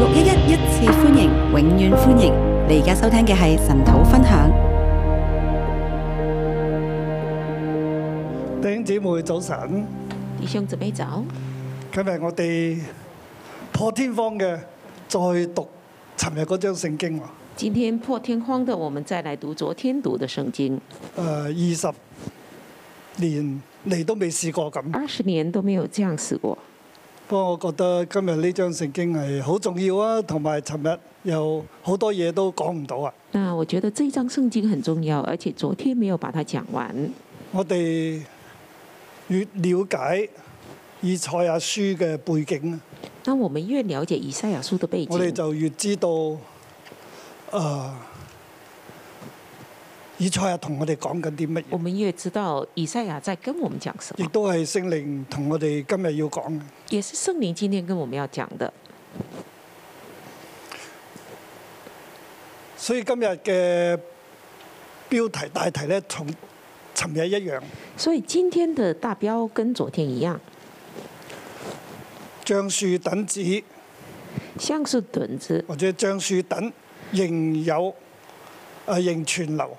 六一一一次歡迎，永遠歡迎！你而家收聽嘅係神土分享。弟兄姊妹，早晨。弟兄姊妹早。今日我哋破天荒嘅，再讀尋日嗰章聖經。今天破天荒的，我們再來讀昨天讀的聖經。誒，uh，二十年你都未試過咁。二十年都沒有這樣試過。不過，我覺得今日呢張聖經係好重要啊，同埋尋日有好多嘢都講唔到啊。那我覺得這一章聖經很重要，而且昨天沒有把它講完。我哋越了解以賽亞書嘅背景咧，那我們越了解以賽亞書的背景，我哋就越知道，呃以賽亞同我哋講緊啲乜嘢？我們越知道以賽亞在跟我們講什麼。亦都係聖靈同我哋今日要講嘅。也是聖靈今天跟我們要講嘅。所以今日嘅標題大題咧，同尋日一樣。所以今天的大標跟昨天一樣。橡樹墩子。橡樹墩子。或者橡樹墩仍有啊，仍存留。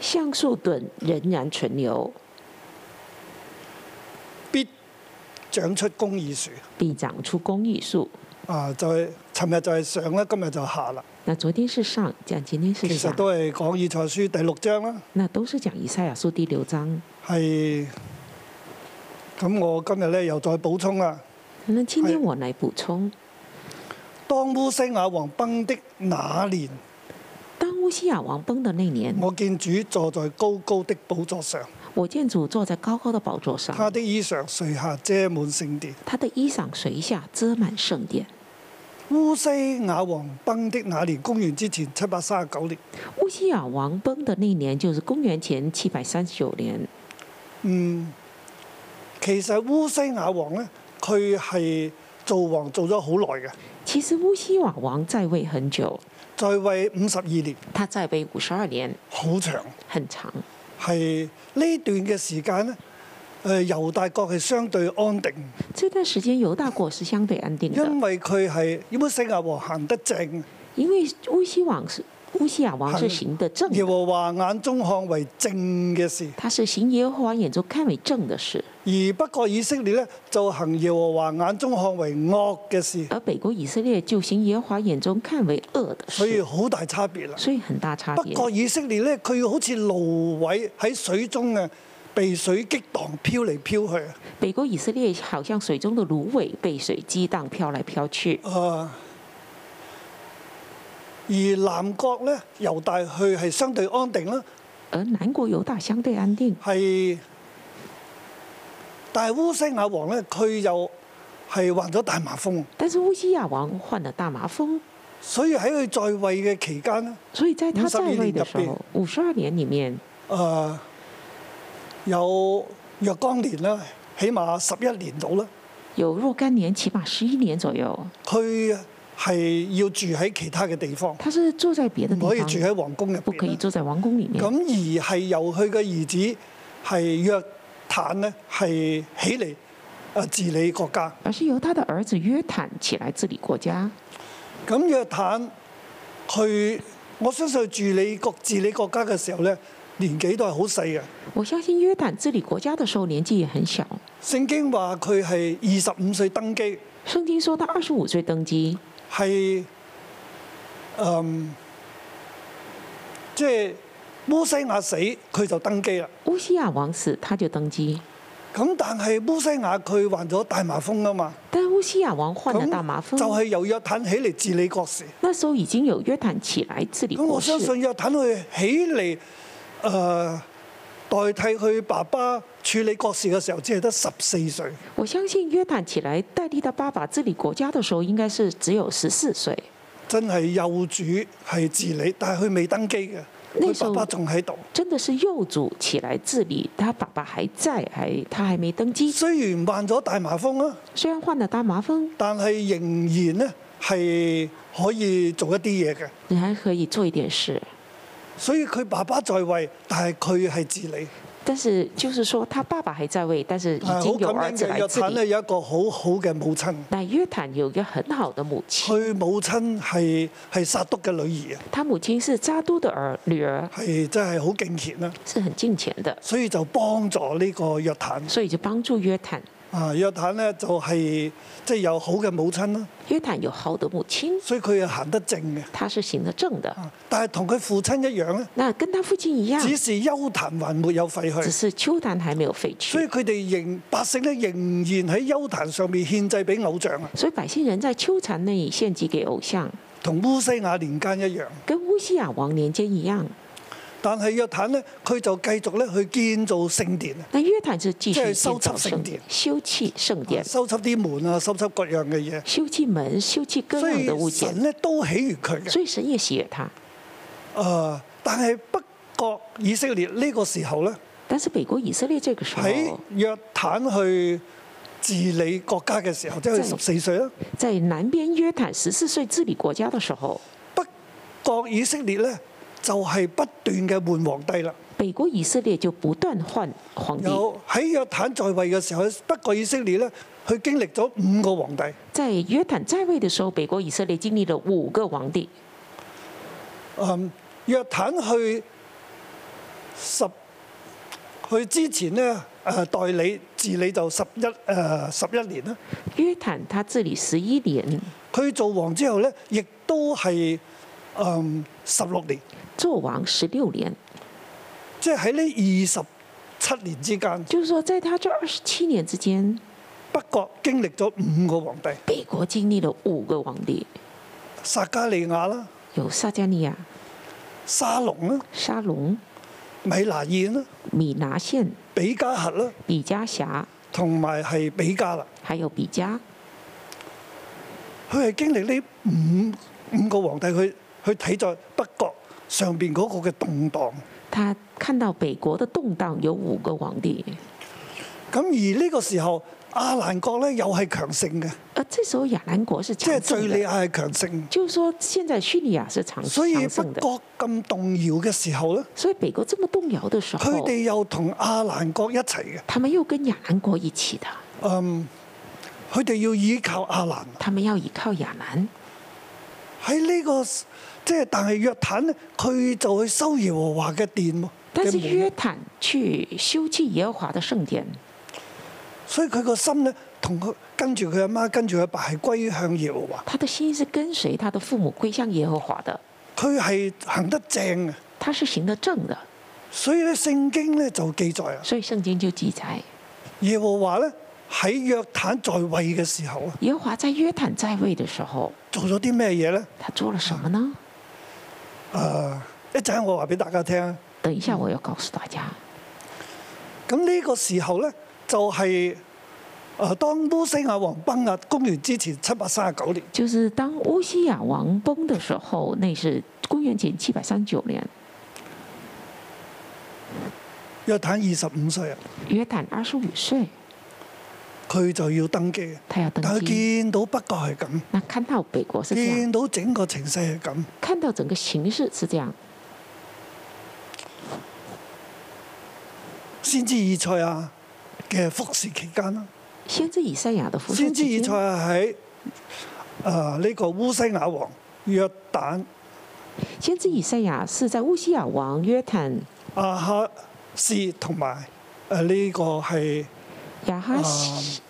橡樹盾仍然存留，必長出公義樹。必長出公義樹。啊，就係尋日就係上啦，今日就下啦。嗱，昨天是上，講今天是上。其實都係講以賽亞書第六章啦。那都是講以賽亞書第六章。係，咁我今日呢又再補充啦。那今天我嚟補充。當烏西雅王崩的那年。當烏西亞王崩的那年，我見主坐在高高的寶座上。我見主坐在高高的寶座上。他的衣裳垂下遮滿聖殿。他的衣裳垂下遮滿聖殿。烏西亞王崩的那年，公元之前七百三十九年。烏西亞王崩的那年就是公元前七百三十九年。嗯，其實烏西亞王呢，佢係做王做咗好耐嘅。其實烏西亞王在位很久。在位五十二年，他在位五十二年，好長，很長。係呢段嘅時間咧，誒、呃、猶大國係相對安定。這段時間猶大國是相對安定。因為佢係，係烏西亞王行得正。因為烏西王烏西亞王是行的正的，耶和華眼中看為正嘅事。他是行耶和華眼中看為正的事。而北國以色列咧，就行耶和華眼中看為惡嘅事。而北國以色列就行耶和華眼中看為惡的事。所以好大差別啦。所以很大差別。北國以色列咧，佢好似蘆葦喺水中啊，被水激盪漂嚟漂去。北國以色列好像水中嘅蘆葦，被水激盪漂嚟漂去。啊、呃。而南國咧，猶大去係相對安定啦。而南國猶大相對安定。係，但係烏西亞王咧，佢又係患咗大麻風。但是烏西亞王患咗大麻風。所以喺佢在位嘅期間咧，所以在他在位嘅時候，五十二年裡面，誒有若干年啦，起碼十一年度啦。有若干年，起碼十一年左右。佢。係要住喺其他嘅地方。他是住在別的地方。不可以住喺王宮入邊。不可以住在王宮裡面。咁而係由佢嘅兒子係約坦呢，係起嚟，啊治理國家。而是由他的兒子約坦起來治理國家。咁約坦去我相信治理國治理國家嘅時候咧，年紀都係好細嘅。我相信約坦治理國家嘅時候年紀也很小。聖經話佢係二十五歲登基。聖經說他二十五歲登基。係，嗯，即係烏西亞死，佢就登基啦。烏西亞王死，他就登基。咁但係烏西亞佢患咗大麻風啊嘛。但係烏西亞王患咗大麻風，就係由約坦起嚟治理國事。那時候已經有約坦起來治理國事。咁我相信約坦佢起嚟，誒、呃，代替佢爸爸處理國事嘅時候，只係得十四歲。我相信約旦起來代替他爸爸治理國家嘅時候，應該是只有十四歲。真係幼主係治理，但係佢未登基嘅，佢爸爸仲喺度。真的是幼主起來治理，他爸爸還在，還他還未登基。雖然患咗大麻風啦，雖然患咗大麻風，但係仍然呢係可以做一啲嘢嘅。你還可以做一點事。所以佢爸爸在位，但係佢係治理。但是就是說，他爸爸還在位，但是已經有兒子來治理。咁約坦呢，有一個好好嘅母親。但約坦有一很好的母親。佢母親係係沙督嘅女兒啊。他母親是扎督的兒女兒。係真係好敬虔啦。是很敬虔的。所以就幫助呢個約坦。所以就幫助約坦。啊，約坦呢就係即係有好嘅母親啦。約坦有好的母親，所以佢係行得正嘅。他是行得正的，但係同佢父親一樣咧。那跟他父親一樣。只是丘壇還沒有廢去。只是丘壇還沒有廢去。所以佢哋仍百姓咧，仍然喺丘壇上面獻祭俾偶像啊。所以百姓人在丘壇內獻祭給偶像。同烏西亞年間一樣。跟烏西亞王年間一樣。但係約坦呢，佢就繼續咧去建造聖殿。但約坦就繼續建造聖殿，修砌聖殿，修砌啲門啊，修砌各樣嘅嘢。修砌門，修砌各樣嘅物件。所以神咧都喜悅佢嘅。所以神也喜悅他。誒，但係北國以色列呢個時候咧？但是北國以色列這個時候，喺約坦去治理國家嘅時候，即係十四歲啦。在南邊約坦十四歲治理國家的時候，北國以色列咧。就係、是、不斷嘅換皇帝啦。北國以色列就不斷換皇帝。有喺約坦在位嘅時候，北國以色列呢，佢經歷咗五個皇帝。在約坦在位嘅時候，北國以色列經歷了五個皇帝。嗯，約坦去十，佢之前呢，誒、呃、代理治理就十一誒十一年啦。約坦他治理十一年。佢做王之後呢，亦都係嗯十六年，做王十六年，即係喺呢二十七年之間。就是說，在他做二十七年之間，北國經歷咗五個皇帝。北國經歷了五個皇帝：撒加利亞啦，有撒加利亞；沙龍啦，沙龍；米拿現啦，米拿現；比加轄啦，比加轄；同埋係比加啦，還有比加。佢係經歷呢五五個皇帝去，佢佢睇在北國。上面嗰個嘅動盪，他看到北國的動盪有五個皇帝。咁而呢個時候，亞蘭國呢又係強盛嘅。啊，這時候亞蘭國是強盛的，即係敍利亞係強盛的。就是說，現在敍利亞是強盛。所以北國咁動搖嘅時候呢。所以北國這麼動搖的時候。佢哋又同亞蘭國一齊嘅。他們又跟亞蘭國一起的。嗯，佢哋要依靠亞蘭。他們要依靠亞蘭。喺呢、這個即係，但係約坦咧，佢就去修耶和華嘅殿。但是約坦去修葺耶和華的聖殿，所以佢個心咧，同佢跟住佢阿媽，跟住佢阿爸，係歸向耶和華。他的心是跟隨他的父母歸向耶和華的。佢係行得正嘅。他是行得正的。所以咧，聖經咧就記載啊。所以聖經就記載耶和華咧。喺約坦在位嘅時候啊，耶華在約坦在位嘅時，時候，做咗啲咩嘢咧？他做了什麼呢？誒、啊，一陣我話俾大家聽、嗯。等一下我要告訴大家。咁呢個時候咧、就是，就係誒當烏西亞王崩啊，公元之前七百三十九年。就是當烏西亞王崩嘅時候，那是公元前七百三十九年。約坦二十五歲啊。約坦二十五歲。佢就要登記，睇下登記，佢見到北國係咁，見到整個情勢係咁，看到整個情勢是這樣。先知以賽亞嘅服侍期間啦，先知以賽亞的服侍先知以賽亞喺誒呢個烏西雅王約坦。先知以賽亞是在烏西雅王約坦、亞哈斯同埋誒呢個係亞哈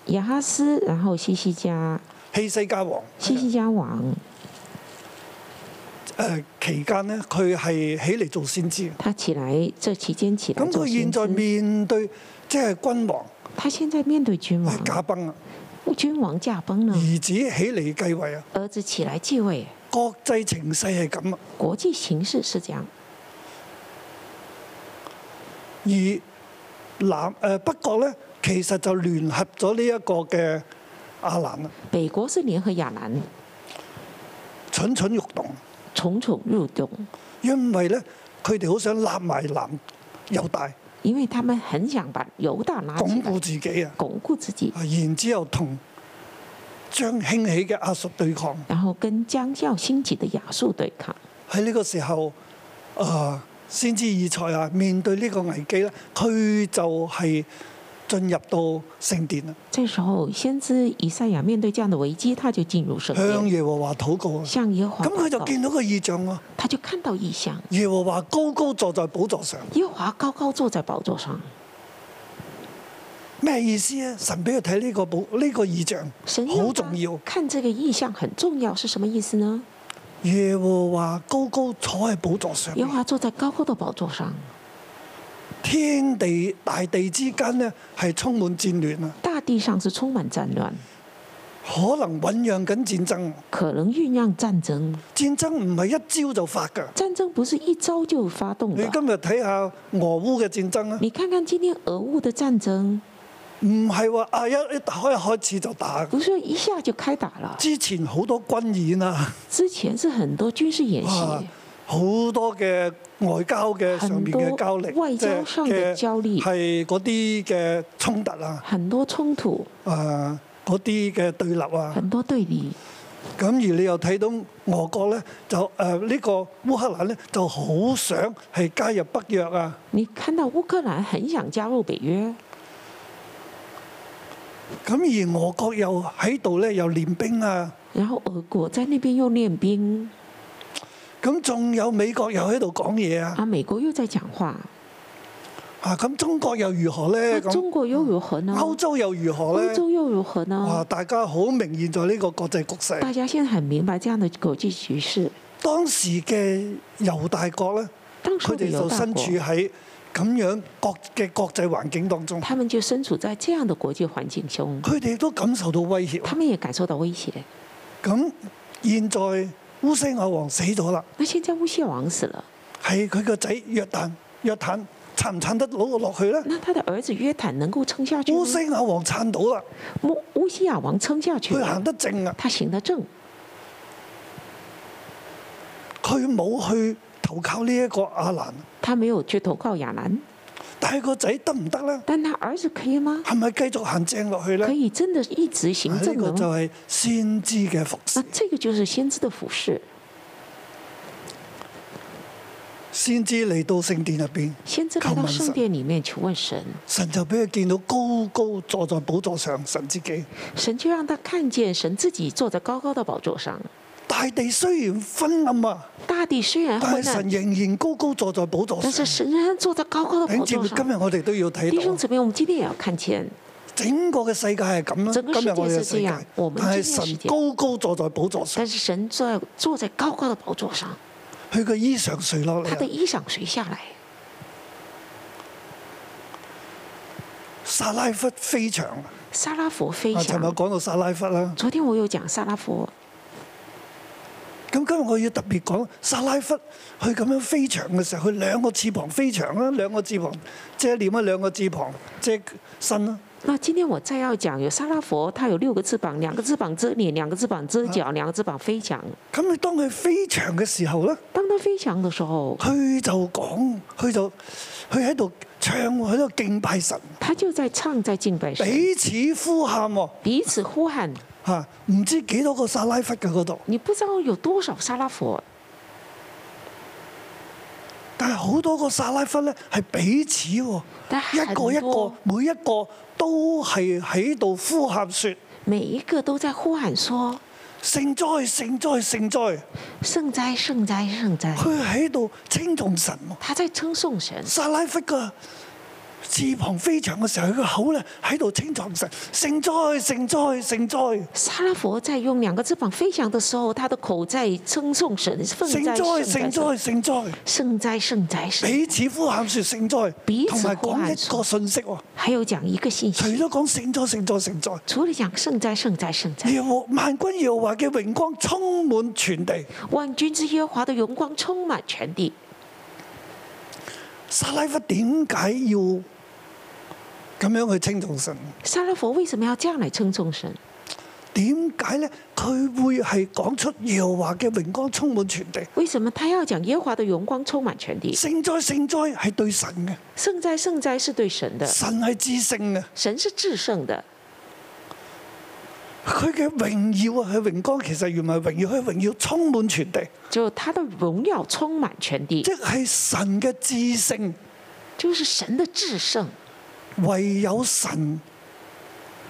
雅哈斯，然後希西家，希西家王，希西家王。誒、啊呃，期間呢，佢係起嚟做先知。他起來，這期間起來。咁佢現在面對，即係君王。他現在面對君王。駕崩啦！君王駕崩啦！兒子起嚟繼位啊！兒子起來繼位。國際情勢係咁啊！國際情勢是這樣。而南誒、呃、北國呢？其實就聯合咗呢一個嘅亞蘭啦。北國是聯合亞蘭蠢蠢欲動。蠢蠢欲動，因為咧佢哋好想立埋南猶大，因為他們很想把猶大拿。鞏固自己啊！鞏固自己。然之後同將興起嘅亞述對抗，然後跟將要興起的亞述對抗。喺呢個時候，誒、啊、先知以賽亞啊面對呢個危機咧，佢就係、是。進入到聖殿啦。這時候先知以賽亞面對這樣的危機，他就進入聖殿，向耶和華禱告。向耶和華。咁佢就見到個異象啊。他就看到異象。耶和華高，高高坐在寶座上。耶和華高高坐在寶座上。咩意思啊？神俾佢睇呢個寶呢個異象，神好重要。看這個異象很重要，是什麼意思呢？耶和華高高坐喺寶座上。耶和華坐在高高的寶座上。天地大地之間呢，係充滿戰亂啊！大地上是充滿戰亂，可能醖釀緊戰爭，可能醖釀戰爭。戰爭唔係一朝就發㗎。戰爭不是一朝就發動。你今日睇下俄烏嘅戰爭啊！你看看今天俄烏嘅戰爭，唔係話，係一一打開開始就打。不是、啊、一下就開打了。之前好多軍演啦、啊。之前是很多軍事演習，好多嘅。外交嘅上邊嘅交力，很多外交上嘅交力，即係嗰啲嘅衝突啊，很多衝突，啊嗰啲嘅對立啊，很多對立。咁而你又睇到俄國咧，就誒呢個烏克蘭咧就好想係加入北約啊。你看到烏克蘭很想加入北約，咁而俄國又喺度咧又練兵啊。然後俄國在那邊又練兵。咁仲有美國又喺度講嘢啊！啊，美國又在講話。啊，咁中國又如何呢？中國又如、嗯、又如何呢？歐洲又如何呢？歐洲又如何呢？哇！大家好明現在呢個國際局勢。大家現在很明白這樣的國際局勢。當時嘅猶大國呢，當時佢哋就身處喺咁樣國嘅國際環境當中。他們就身處在這樣的國際環境中。佢哋都感受到威脅。他們也感受到威脅。咁、啊、現在。烏西亞王死咗啦！那現在烏西亞王死了，係佢個仔約旦，約旦撐唔撐得攞落落去呢？那他的兒子約旦能夠撐下去？烏西亞王撐到啦！烏烏西亞王撐下去。佢行得正啊！他行得正，佢冇去投靠呢一個亞蘭。他沒有去投靠亞蘭。但係個仔得唔得啦？但他兒子可以嗎？係咪繼續行正落去咧？可以真的一直行正路。呢個就係先知嘅服侍。啊，這個就是先知嘅服侍。先知嚟到聖殿入邊，先知嚟到聖殿裏面求問神。神就俾佢見到高高坐在寶座上神自己。神就讓他看見神自己坐在高高嘅寶座上。大地雖然昏暗啊，大地雖然，但係神仍然高高，神高，高，神高高坐在寶座上。但是神坐在高高的寶座上。今日我哋都要睇到。弟兄姊妹，我們今天也要看清。整個嘅世界係咁啦，整個世界係咁樣，但係神高高坐在寶座上。但是神在坐在高高的寶座上。佢個衣裳垂落嚟。他的衣裳垂下來。沙拉佛非常。沙拉弗飛翔。尋日講到沙拉弗啦。昨天我有講沙拉佛。咁今日我要特別講薩拉弗，佢咁樣飛翔嘅時候，佢兩個翅膀飛翔啦，兩個翅膀遮臉啦，兩個翅膀遮身啦。嗱，今天我再要講，有沙拉佛，他有六個翅膀，兩個翅膀遮臉，兩個翅膀遮腳，啊，兩個翅膀飛翔。咁你當佢飛翔嘅時候咧？當他飛翔嘅時候。佢就講，佢就佢喺度唱，喺度敬拜神。他就在唱，在敬拜神。彼此呼喊喎。彼此呼喊。 嚇，唔知幾多個沙拉佛嘅嗰度？你不知道有多少沙拉佛，但係好多個沙拉佛咧，係彼此喎，但一個一個，每一個都係喺度呼喊說。每一個都在呼喊說。聖哉聖哉聖哉。聖哉聖哉聖哉。佢喺度稱頌神。他在稱頌神。沙拉佛噶。翅膀飛翔嘅時候，佢個口咧喺度稱讚神，聖哉聖哉聖哉。撒拉弗在用兩個翅膀飛翔的時候，他的口在稱讚神。聖哉聖哉聖哉。聖哉聖哉，聖哉。彼此呼喊說聖哉，同埋講一個信息喎。還有講一個信息。除咗講聖哉聖哉聖哉。除了講聖哉聖哉聖哉。耀華萬軍，耀華嘅榮光充滿全地。萬軍之耶和華的榮光充滿全地。撒拉弗點解要？咁樣去稱頌神。撒拉弗為什麼要這樣嚟稱頌神？點解呢？佢會係講出耶和華嘅榮光充滿全地。為什麼他要講耶華嘅榮光充滿全地？聖哉聖哉係對神嘅。聖哉聖哉是對神嘅。神係至聖嘅。神是至聖嘅。佢嘅榮耀啊，佢榮光其實原嚟榮耀，佢榮耀充滿全地。就是、他的榮耀充滿全地，即、就、係、是、神嘅至聖，就是神嘅至聖。唯有神，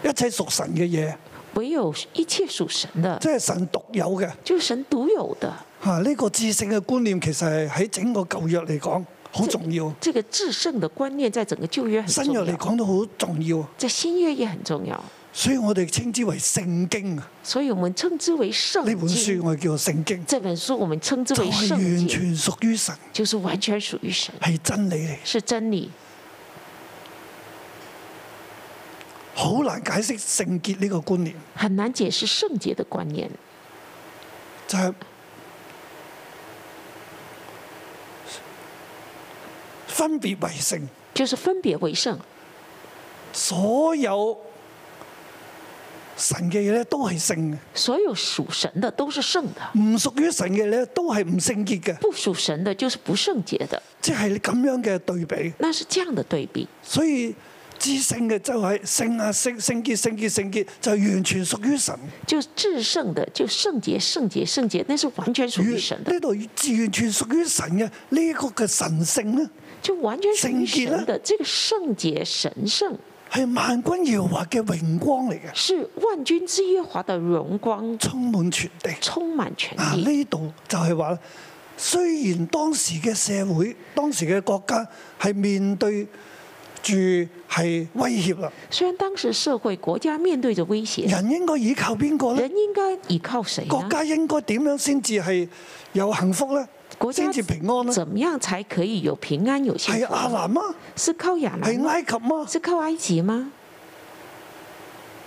一切屬神嘅嘢，唯有一切屬神嘅，即係神獨有嘅，就是、神獨有的。嚇、就是，呢、啊這個至聖嘅觀念其實係喺整個舊約嚟講好重要。呢、這個至聖嘅觀念在整個舊約新約嚟講都好重要。即在新約也很重要。所以我哋稱之為聖經啊。所以我們稱之為聖呢本書我哋叫做聖經。這本書我們稱之為聖經。聖經就是、完全屬於神。就是完全屬於神。係真理嚟。是真理。好難解釋聖潔呢個觀念，很難解釋聖潔的觀念，就係分別為聖，就是分別為聖，所有神嘅嘢咧都係聖嘅，所有屬神的都是聖的，唔屬於神嘅咧都係唔聖潔嘅，不屬神的，就是不聖潔的，即係你咁樣嘅對比，那是這樣的對比，所以。至聖嘅就係、是、聖啊聖聖潔聖潔聖潔，就完全屬於神。就至聖的就聖潔聖潔聖潔，那是完全屬於神的。呢度完全屬於神嘅呢一個嘅神性呢，就完全聖潔啦。的這個聖潔、聖啊、聖神聖係萬軍耶和華嘅榮光嚟嘅，是萬軍之耶和華的榮光，的的榮光充滿全地，充滿全地啊，呢度就係話，雖然當時嘅社會、當時嘅國家係面對。住係威脅啦！雖然當時社會國家面對着威脅，人應該倚靠邊個呢？人應該倚靠誰？國家應該點樣先至係有幸福呢？國家先至平安呢？怎樣才可以有平安有幸福？係阿蘭、啊、嗎？是靠阿蘭？係埃及嗎？是靠埃及嗎？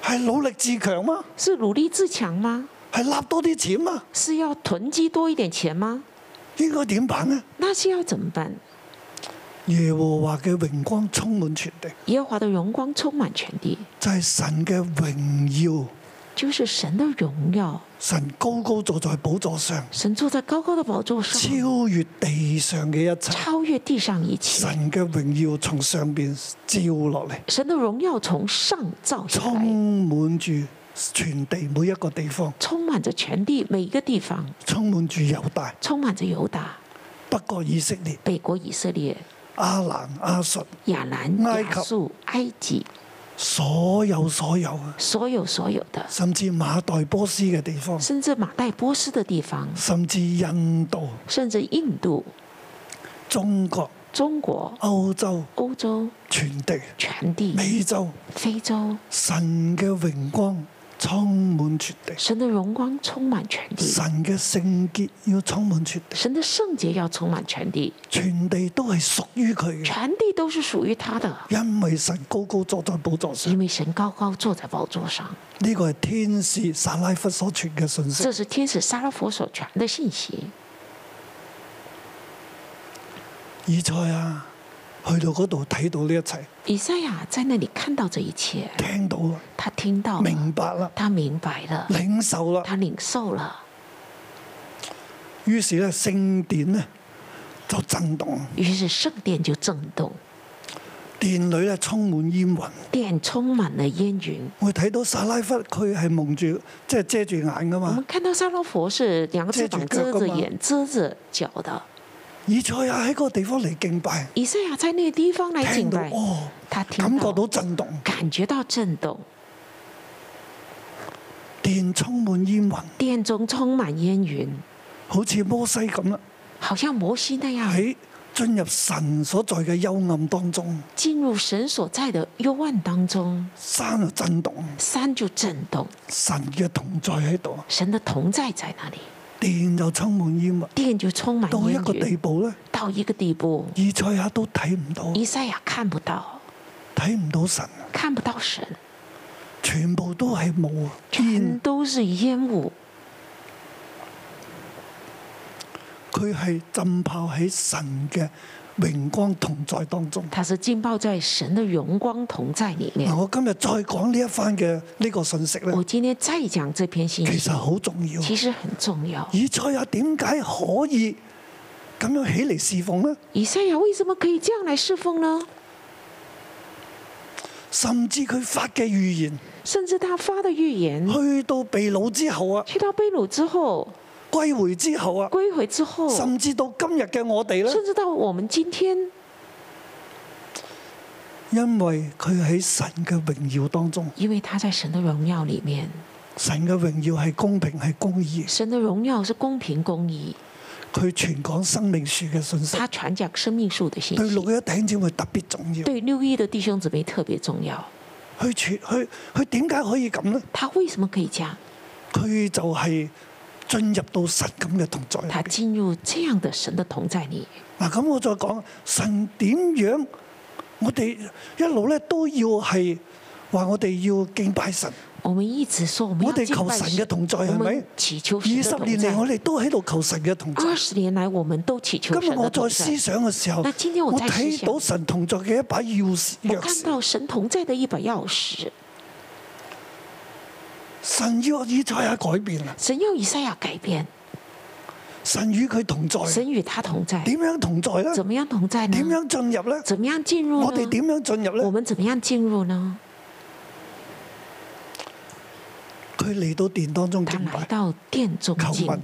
係努力自強嗎？是努力自強嗎？係納多啲錢嗎？是要囤積多一點錢嗎？應該點辦呢？那是要怎麼辦？耶和華嘅榮光充滿全地。耶和華的榮光充滿全地。就係神嘅榮耀。就是神的榮耀。神高高坐在寶座上。神坐在高高的寶座上。超越地上嘅一切。超越地上一切。神嘅榮耀從上邊照落嚟。神的榮耀從上照下。充滿住全地每一個地方。充滿着全地每一個地方。充滿住猶大。充滿着猶大。北國以色列。北國以色列。阿蘭阿述、亞蘭、亞述、埃及，所有所有所有所有的，甚至馬代波斯嘅地方，甚至馬代波斯的地方，甚至印度，甚至印度、中國、中國、歐洲、歐洲、全地、全地、美洲、非洲，神嘅榮光，充滿全地，神的榮光充滿全地，神嘅聖潔要充滿全地，神的聖潔要充滿全地，全地都係屬於佢，全地都是屬於他的，因為神高高坐在寶座上，因為神高高坐在寶座上，呢個係天使撒拉弗所傳嘅信息，這是天使撒拉弗所傳的信息，以賽亞。去到嗰度睇到呢一切。以賽亞在那裡看到這一切，聽到啦，他聽到了，明白啦，他明白了，領受啦，他領受了。於是呢，聖殿呢就震動，於是聖殿就震動，殿裏呢充滿煙雲，殿充滿了煙雲。我睇到撒拉弗佢係蒙住，即係遮住眼噶嘛。我們看到撒拉弗，是兩隻翅膀遮住眼，遮住腳的。以賽亞喺個地方嚟敬拜。以賽亞在呢個地方嚟敬拜。聽到哦，他聽到，感覺到震動，感覺到震動。電充滿煙雲。電中充滿煙雲，好似摩西咁啦。好像摩西那樣。喺進入神所在嘅幽暗當中。進入神所在的幽暗當中。山就震動。山就震動。神嘅同在喺度。神的同在在哪裏？電就充滿煙霧，電就充滿到一個地步咧，到一個地步，以賽亞都睇唔到，以賽亞看不到，睇唔到神，看不到神，全部都係霧啊！全都是煙霧，佢係浸泡喺神嘅。榮光同在當中，他是浸泡在神的榮光同在裏面。我今日再講呢一番嘅呢個信息呢，我今天再講這篇信息，其實好重要，其實很重要。以賽亞點解可以咁樣起嚟侍奉呢？以賽亞為什麼可以這樣來侍奉呢？甚至佢發嘅預言，甚至他發嘅預言，去到被擄之後啊，去到被擄之後。歸回之後啊，歸回之後，甚至到今日嘅我哋咧，甚至到我們今天，因為佢喺神嘅榮耀當中，因為他在神嘅榮耀裏面，神嘅榮耀係公平係公義，神嘅榮耀是公平公義，佢傳講生命樹嘅信息，佢傳講生命樹嘅信息，對六一弟兄姊妹特別重要，對六一嘅弟兄姊妹特別重要，佢傳佢佢點解可以咁咧？他為什麼可以加？佢就係、是。進入到神咁嘅同在，他進入這樣的神的同在你嗱咁我再講神點樣，我哋一路咧都要係話我哋要敬拜神。我們一直說我們要敬拜神。我哋求神嘅同在係咪？二十年嚟我哋都喺度求神嘅同在。二十年來我們都祈求神的同在。今日我,我再思想嘅時候，我睇到神同在嘅一把鑰匙。我看到神同在的一把鑰匙。神要與以賽亞改變啦！神要與以賽亞改變，神與佢同在。神與他同在。點樣同在呢？怎麼樣同在呢？點樣進入呢？怎麼樣進入？我哋點樣進入呢？我們怎麼樣進入呢？佢嚟到殿當中，佢嚟到殿中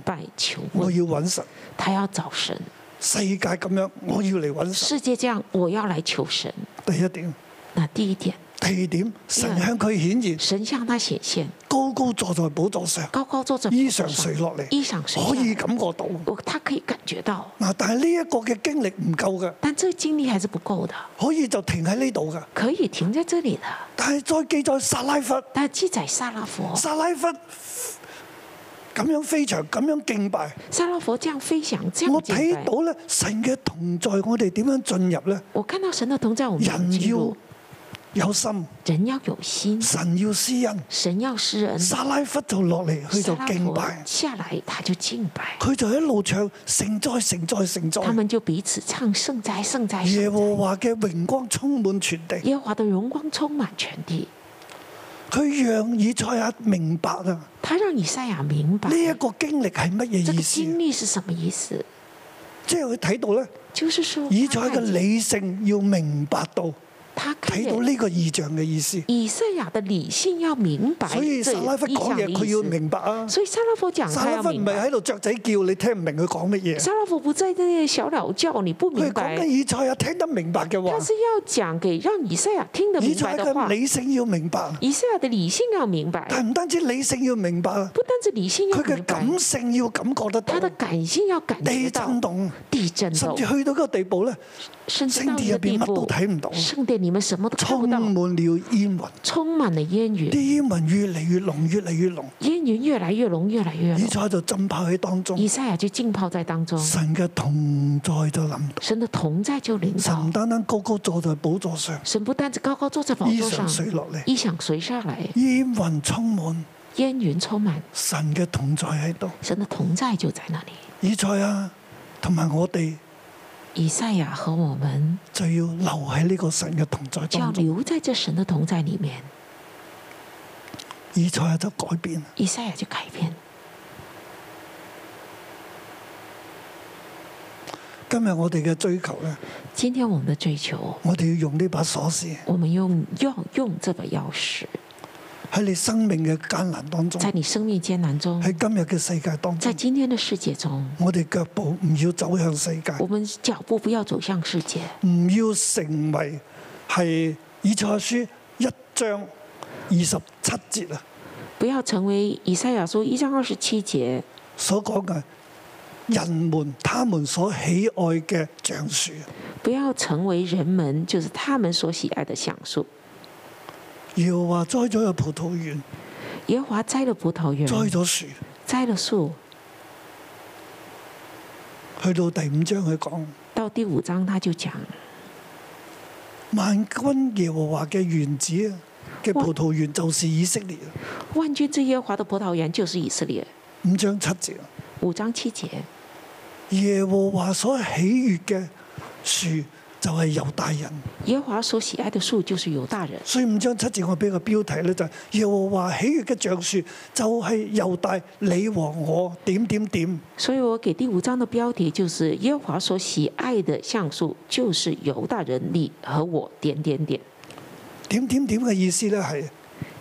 拜求，我要搵神，他要找神。世界咁樣，我要嚟搵神。世界這樣，我要來求神。第一點，嗱第一點。地點，神向佢顯現，神向他顯現，高高坐在寶座上，高高坐在衣上，上垂落嚟，衣上垂，可以感覺到，佢可以感覺到。嗱，但係呢一個嘅經歷唔夠嘅，但這經歷還是不夠的，可以就停喺呢度噶，可以停在這裏的，但係再記載沙拉佛，但係記載沙拉佛，沙拉佛咁樣飛翔，咁樣敬拜，沙拉佛這樣飛翔，我睇到咧神嘅同在，我哋點樣進入咧？我看到神的同在我，我，在我人有心，人要有心；神要施恩，神要施恩。撒拉弗就落嚟佢就敬拜，下來他就敬拜。佢就一路唱，聖哉聖哉聖哉。他們就彼此唱，聖哉聖哉。耶和華嘅榮光充滿全地。耶和華的榮光充滿全地。佢讓以賽亞明白啦。他讓以賽亞明,明白。呢、這、一個經歷係乜嘢意思？這個、經歷是什麼意思？即係佢睇到咧。就是說，以賽亞嘅理性要明白到。睇到呢個意象嘅意思。以賽亞的理性要明白。所以撒拉弗講嘢佢要明白啊。所以撒拉弗講他要明白。撒拉弗唔係喺度雀仔叫，你聽唔明佢講乜嘢。撒拉弗不在小鳥叫，你不明白。佢講緊以賽亞聽得明白嘅話。他是要講給讓以賽亞聽得明白。以賽亞嘅理性要明白。以賽亞的理性要明白。但唔單止理性要明白啊。不單止理性要明白。佢嘅感性要感覺得到。他的感性要感受到地震動，地震動，甚至去到嗰個地步咧，聖地入邊乜都睇唔到。聖你們什麼都充滿了煙雲，充滿了煙雲，啲煙雲越嚟越濃，越嚟越濃，煙雲越來越濃，越來越濃。以賽就浸泡喺當中，以賽亞就浸泡在當中，神嘅同在就臨到，神嘅同在就臨到，神單單高高坐在寶座上，神不單只高高坐在寶座上，水落嚟，衣裳水下嚟。煙雲充滿，煙雲充滿，神嘅同在喺度，神的同在就在那裏，以賽啊，同埋我哋。以賽亞和我們就要留喺呢個神嘅同在當中，要留在這神的同在裡面，以賽亞就改變，以賽亞就改變。今日我哋嘅追求呢？今天我們的追求，我哋要用呢把鎖匙，我們用鑰用，用這把鑰匙。喺你生命嘅艱難當中，喺你生命艱難中，喺今日嘅世界當中，喺今天的世界中，我哋腳步唔要走向世界，我們腳步不要走向世界，唔要成為係以賽亞書一章二十七節啊！不要成為以賽亞書一章二十七節所講嘅人們，他們所喜愛嘅橡樹。不要成為人們，就是他們所喜愛的橡樹。耶和華栽咗個葡萄園，耶和華栽了葡萄園，栽咗樹，栽了樹。去到第五章佢講，到第五章他就講，萬軍耶和華嘅園子嘅葡萄園就是以色列。萬軍之耶和華嘅葡萄園就是以色列。五章七節啊。五章七節。耶和華所喜悦嘅樹就係猶大人，耶和華所喜愛的樹就是猶大人。所以五章七字我俾個標題呢，就係耶和華喜悅嘅橡樹就係猶大，你和我點點點。所以我給第五章嘅標題就是耶和華所喜愛的橡樹就是猶大人，你和我點點點。點點點嘅意思咧係。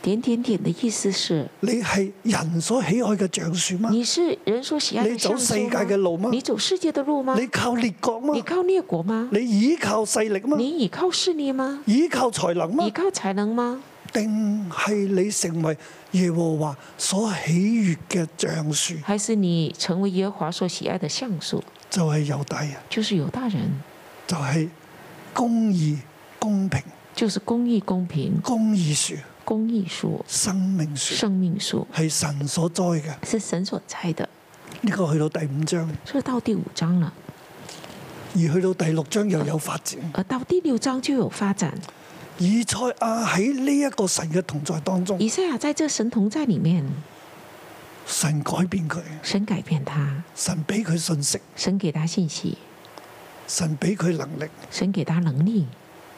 點點點的意思是？你係人所喜愛嘅橡樹嗎？你是人所喜愛的橡樹嗎？你走世界嘅路嗎？你走世界的路嗎？你靠列國嗎？你靠列國嗎？你倚靠勢力嗎？你倚靠勢力嗎？倚靠才能嗎？倚靠才能嗎？定係你成為耶和華所喜悅嘅橡樹？還是你成為耶和華所喜愛的橡樹？就係、是、猶大人。就是猶大人。就係、是、公義公平。就是公義公平。公義樹。公義樹、生命樹、生命樹係神所栽嘅，是神所栽的。呢、這個去到，到第五章，所以到第五章啦。而去到第六章又有發展，而到第六章就有發展。以賽亞喺呢一個神嘅同在當中，以賽亞在這神同在裏面，神改變佢，神改變他，神俾佢信息，神給他信息，神俾佢能力，神給他能力，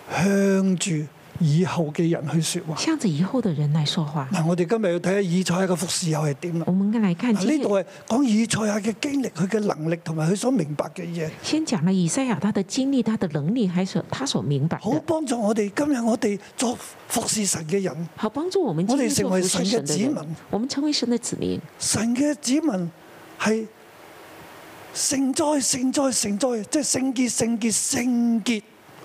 向住。以後嘅人去説話，向着以後嘅人嚟說話。嗱，我哋今日要睇下以賽亞嘅服侍又係點啦。我們來看，呢度係講以賽亞嘅經歷、佢嘅能力同埋佢所明白嘅嘢。先講啦，以賽亞他嘅經歷、他嘅能力，係所他所明白。好幫助我哋今日我哋作服侍神嘅人。好幫助我們。我哋成為神嘅子民。我們成為神嘅子民。神嘅子民係聖哉、聖哉、聖哉，即係聖潔、聖潔、聖潔。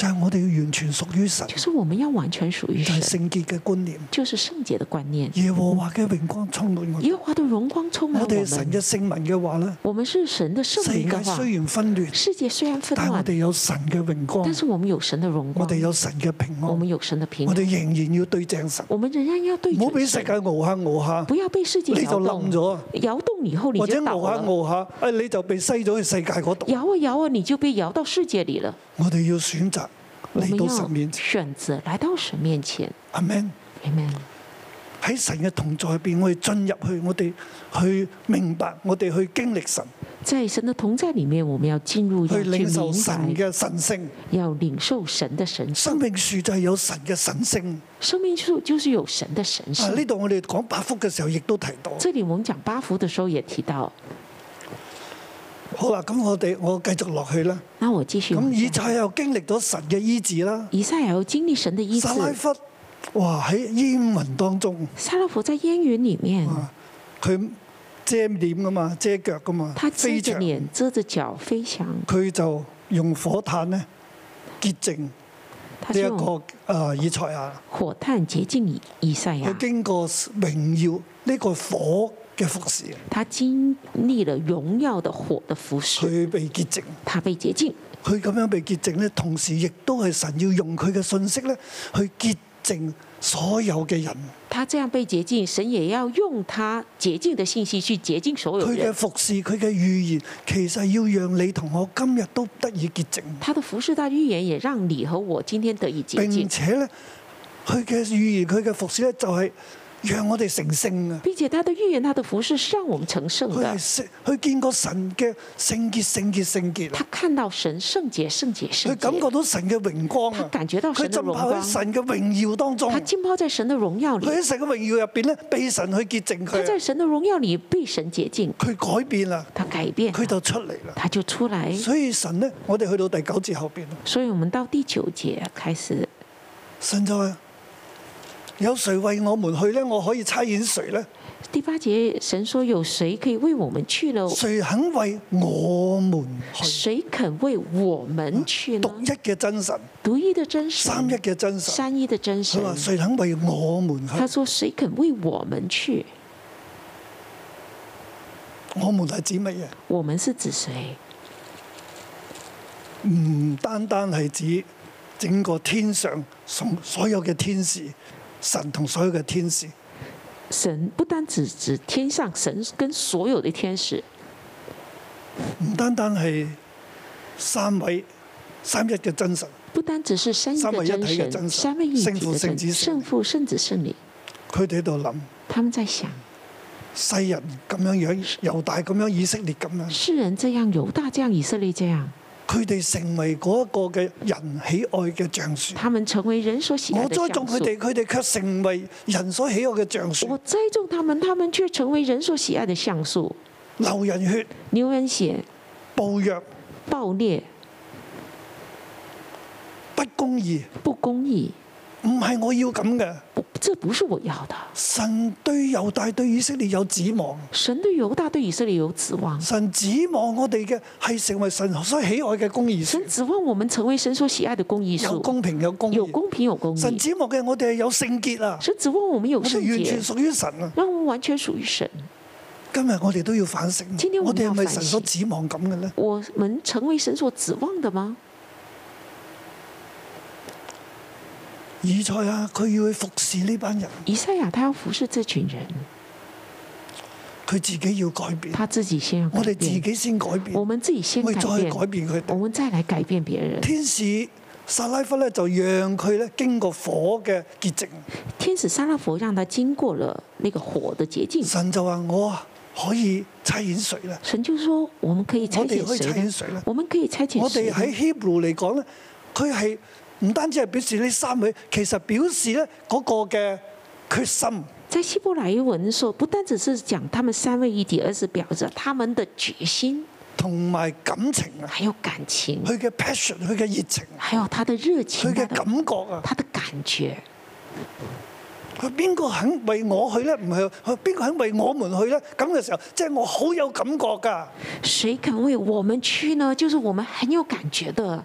就係、是、我哋要完全屬於神，就是我們要完全屬於神。就係聖潔嘅觀念，就是聖潔的觀念。耶和華嘅榮光充滿我。耶和華的榮光充滿我。我哋神嘅聖民嘅話咧，我哋是神的聖民。世界雖然分裂，世界雖然分裂，但係我哋有神嘅榮光。但是我們有神的榮光，光。我哋有神嘅平安。我們有神的平安。我哋仍然要對正神。我哋仍然要對。唔好俾世界搖下搖下，不要被世界，要被世界你就冧咗。搖動以後你或者搖下搖下，誒你就被篩咗去世界度。搖啊搖啊，你就被搖到世界裏我哋要選擇嚟到神面前。我們要選擇來到神面前。Amen。Amen。喺神嘅同在入面，我哋進入去，我哋去明白，我哋去經歷神。在神嘅同在裏面，我們要進入去領受神嘅神聖，要領受神嘅神聖。生命樹就係有神嘅神聖。生命樹就是有神嘅神聖。呢度、啊、我哋講八福嘅時候，亦都提到。這裏我們講八福的時候也提到。好啦，咁我哋我繼續落去啦。咁以賽又經歷咗神嘅醫治啦。以賽又經歷神嘅醫治。撒拉弗，哇喺煙雲當中。撒拉弗在煙雲裏面。佢遮臉噶嘛，遮腳噶嘛、嘛。他遮著臉，遮著腳，飛翔。佢就用火炭呢潔淨呢一個啊以賽啊。他用火炭潔淨以以賽啊。佢經過榮耀呢個火嘅服侍，他經歷了榮耀的火的服侍，佢被潔淨，他被潔淨，佢咁樣被潔淨咧，同時亦都係神要用佢嘅信息咧，去潔淨所有嘅人。他這樣被潔淨，神也要用他潔淨的信息去潔淨所有人。佢嘅服侍，佢嘅預言，其實要讓你同我今日都得以潔淨，他的服侍，他預言也讓你和我今天得以潔淨。並且咧，佢嘅預言，佢嘅服侍咧，就係、是。讓我哋成聖啊！並且他的預言、他的服侍是讓我們成聖。佢去去見個神嘅聖潔、聖潔、聖潔。他看到神聖潔、聖潔、聖潔。佢感覺到神嘅榮光。他感覺到神嘅榮光。佢浸泡喺神嘅榮耀當中。佢浸泡在神嘅榮耀裏。佢喺神嘅榮耀入邊咧，被神去潔淨佢。佢在神嘅榮耀裏被神潔淨。佢改變啦。他改變。佢就出嚟啦。佢就出嚟。所以神呢，我哋去到第九節後邊。所以我們到第九節開始。神有誰為我們去呢？我可以差遣誰呢？第八節神說：有誰可以為我們去咯？誰肯為我們去？誰肯為我們去？為們去，嗯、獨一嘅真神，獨一嘅真神，三一嘅真神，三一嘅真神。佢話：誰肯為我們去？他說：誰肯為我們去？我們係指乜嘢？我們是指誰？唔、嗯、單單係指整個天上所所有嘅天使。神同所有嘅天使，神不單止指天上神跟所有的天使，唔，單單係三位三一嘅真神，不單止是三位一體嘅真神，三位一體嘅真神，聖父聖子聖，聖父聖子聖靈，佢哋喺度諗，他們在想，世人咁樣樣，猶大咁樣，以色列咁樣，世人這樣，猶大這樣，以色列這樣。佢哋成為嗰一個嘅人喜愛嘅橡樹，他們成為人所喜愛。我栽種佢哋，佢哋卻成為人所喜愛嘅橡樹。我栽種他們，他們卻成為人所喜愛嘅橡樹。流人血，流人血，暴虐，暴虐，不公義，不公義，唔係我要咁嘅。這不是我要的。神對猶大、對以色列有指望。神對猶大、對以色列有指望。神指望我哋嘅係成為神所喜愛嘅公義。神指望我們成為神所喜愛嘅公，公，公義。有公平有公義。有公平有公義。神指望嘅我哋有聖潔啦。神指望我們有聖潔。完全屬於神啊。讓我們完全屬於神。今日我哋都要反省，今天我要反省。我哋係咪神所指望咁嘅呢？我們成為神所指望的嗎？以賽亞佢要去服侍呢班人。以賽亞他要服侍這群人，佢自己要改變。他自己先改變，我哋自己先改變。我們自己先，再改變佢哋。我們再來改變別人。天使撒拉弗咧就讓佢咧經過火嘅潔淨。天使撒拉弗讓他經過了那個火的潔淨。神就話我可以差遣誰啦？神就說我們可以差遣誰咧？我們可以差遣。我哋喺希伯來嚟講咧，佢係。唔單止係表示呢三位，其實表示呢嗰個嘅決心。在希伯來文說不單只是講他們三位一體，而是表示，他們的決心，同埋感情啊，還有感情，佢嘅 passion，佢嘅熱情，還有他的熱情，佢嘅感覺啊，他的感覺。佢邊個肯為我去呢？唔係。佢邊個肯為我們去呢？咁嘅時候，即係我好有感覺㗎。誰肯為我們去呢？就是我們很有感覺的。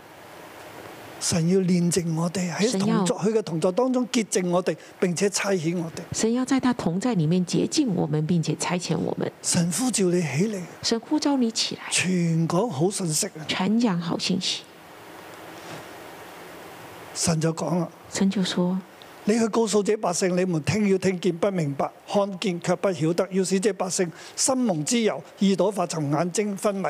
神要煉淨我哋喺同作，佢嘅同作當中潔淨我哋，並且差遣我哋。神要在他同在裏面潔淨我們，並且差遣我們。神呼召你起嚟。神呼召你起來。全講好信息啊！全講好信息。神就講啦。神就說：你去告訴這百姓，你們聽要聽見不明白，看見卻不曉得，要使這百姓心蒙脂油，耳朵發沉，眼睛昏迷。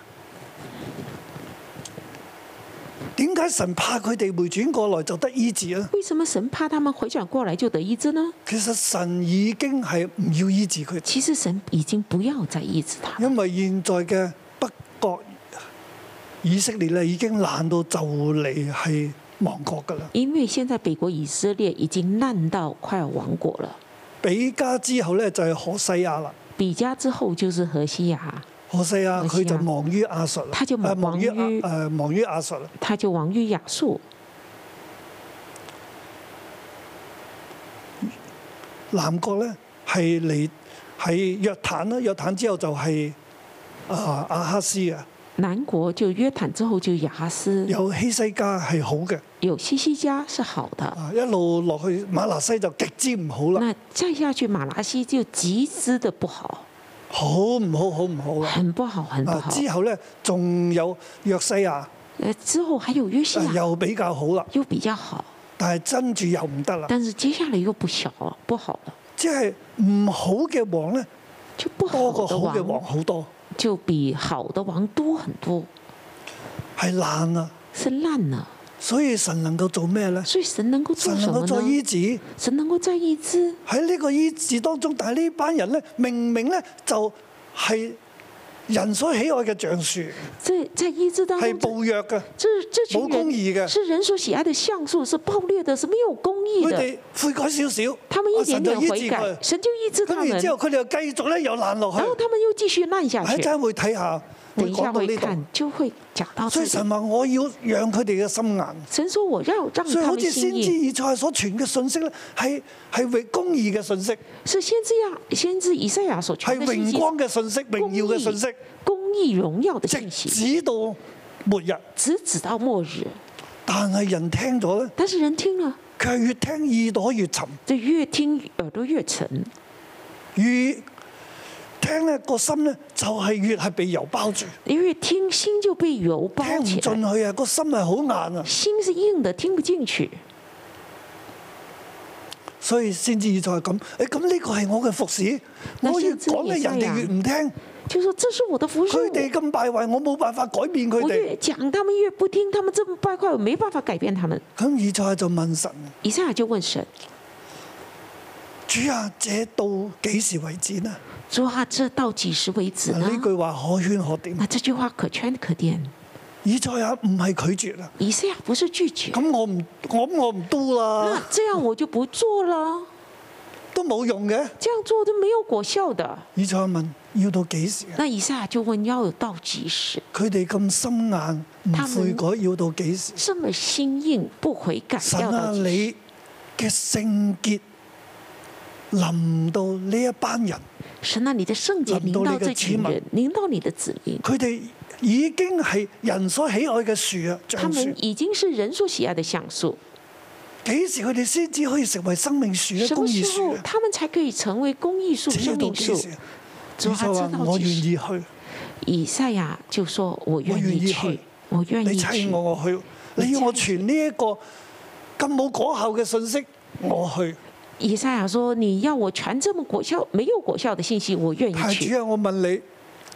點解神怕佢哋回轉過來就得醫治啊，為什麼神怕他們回轉過來就得醫治呢？治呢其實神已經係唔要醫治佢。其實神已經不要再醫治他們。因為現在嘅北國以色列咧已經爛到就嚟係亡國噶啦。因為現在北國以色列已經爛到快要亡國了。比加之後咧就係何西亞啦。比加之後就是何西亞。何細亞，佢、啊、就亡於亞述了，誒亡於誒亡、啊、於亞述。佢就亡於亞述。南國咧係嚟係約坦啦，約坦之後就係、是、啊阿哈斯啊。南國就約坦之後就雅哈斯。有希西家係好嘅。有西西家是好的。一路落去瑪拿西就極之唔好啦。再下去瑪拿西就極之嘅不好。好唔好？好唔好啊！很不好，很不好。之後咧，仲有約西亞。誒，之後還有約西亞。又比較好啦。又比較好。但係跟住又唔得啦。但是接下來又不小，不好啦。即係唔好嘅王咧，就多過好嘅王好多。就比好的王多很多。係爛啊！是爛啊！所以神能夠做咩咧？神能夠做醫治。神能夠再醫治。喺呢個醫治當中，但係呢班人咧，明明咧就係人所喜愛嘅橡樹。即係即係醫治當中係暴虐嘅，冇公義嘅。是人所喜愛的橡樹，是暴虐的，是沒有公義的。佢哋悔改少少，阿神就醫治佢。神就醫治佢。之後佢哋又繼續咧又爛落去。然後他們又繼續爛下去。睇下。會等一下會睇就會講到，所以神話我要讓佢哋嘅心眼。神說我要讓他們心意。所以好似先知以賽所傳嘅信息咧，係係為公義嘅信息。是先知先知以賽亞所傳。係榮光嘅信息，榮耀嘅信息。公義、榮耀嘅信,信息。直到末日。直至到末日。但係人聽咗咧。但是人聽啦，佢越聽耳朵越沉。就越聽越耳朵越沉。與聽咧，個心咧，就係越係被油包住，你越聽心就被油包，聽唔進去啊！個心係好硬啊！心是硬的，聽不進去，所以先知以賽亞咁，誒咁呢個係我嘅服侍，我越講嘅人哋越唔聽，就是、說這是我的服侍。佢哋咁敗壞，我冇辦法改變佢哋。我越講，他們越不聽，他們這麼敗壞，我沒辦法改變他們。咁以賽亞就問神，以賽亞就問神：主啊，這到幾時為止呢？做下，至到幾時為止呢？呢句話可圈可點。那這句話可圈可點。以賽亞唔係拒絕啊。以賽亞不是拒絕。咁我唔，我我唔做啦。那這樣我就不做了，都冇用嘅。這樣做都沒有果效的。以賽亞問：要到幾時？那以賽亞就問要：他要到幾時？佢哋咁心硬，唔悔改，要到幾時？這麼心硬不悔改，神啊！你嘅聖潔，臨到呢一班人，神啊！你的聖潔，領到呢個子民，領到你的子民。佢哋已經係人所喜愛嘅樹啊，橡樹。他們已經是人所喜愛的橡樹。幾時佢哋先至可以成為生命樹啊？什麼時候他們才可以成為公義樹、生命樹？我願意去。以賽亞就說：我願意去。我願意去。你差我我，去，我願意去，你要我傳呢一個咁冇、這個、果效嘅信息，我去。嗯以賽亞說：你要我傳這麼果效，沒有果效的信息，我願意去。主要我問你，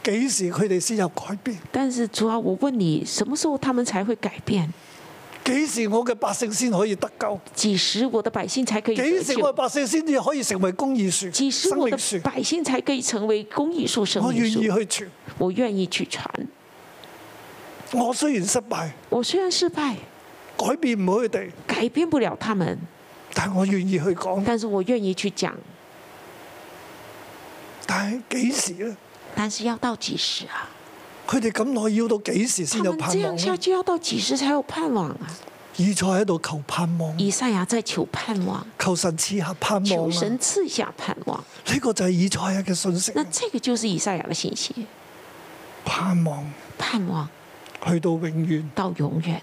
幾時佢哋先有改變？但是主要我問你，什麼時候他們才會改變？幾時我嘅百姓先可以得救？幾時我的百姓才可以？幾時我嘅百姓先至可以成為公義樹、生命樹？幾時我的百姓才可以成為公義樹、生命我，我，我，我願意去傳，我願意去傳。我雖然失敗，我雖然失敗，改變唔到佢哋，改變不了他們。但係我願意去講，但是我願意去講。但係幾時咧？但是要到幾時啊？佢哋咁耐要到幾時先有盼望？他們這樣下就要到幾時才有盼望啊？以賽喺度求盼望，以賽亞在求盼望，求神賜下盼望啊，求神賜下盼望啊。呢個就係以賽亞嘅信息。那這個就是以賽亞的信息。盼望，盼望，去到永遠，到永遠。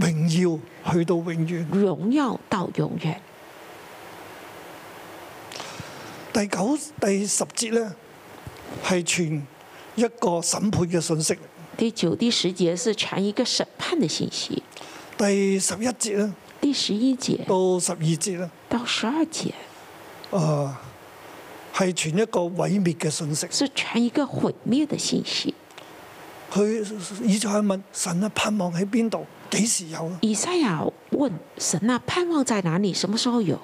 榮耀去到永遠，榮耀到永遠。第九、第十節咧，係傳一個審判嘅信息。第九、第十節是傳一個審判嘅信息。第十一節咧。第十一節。到十二節咧。到十二節。啊，係傳一個毀滅嘅信息。是傳一個毀滅嘅信息。佢以前係問神啊，盼望喺邊度？幾時有？以賽亞問神啊，盼望在哪裏？什麼時候有？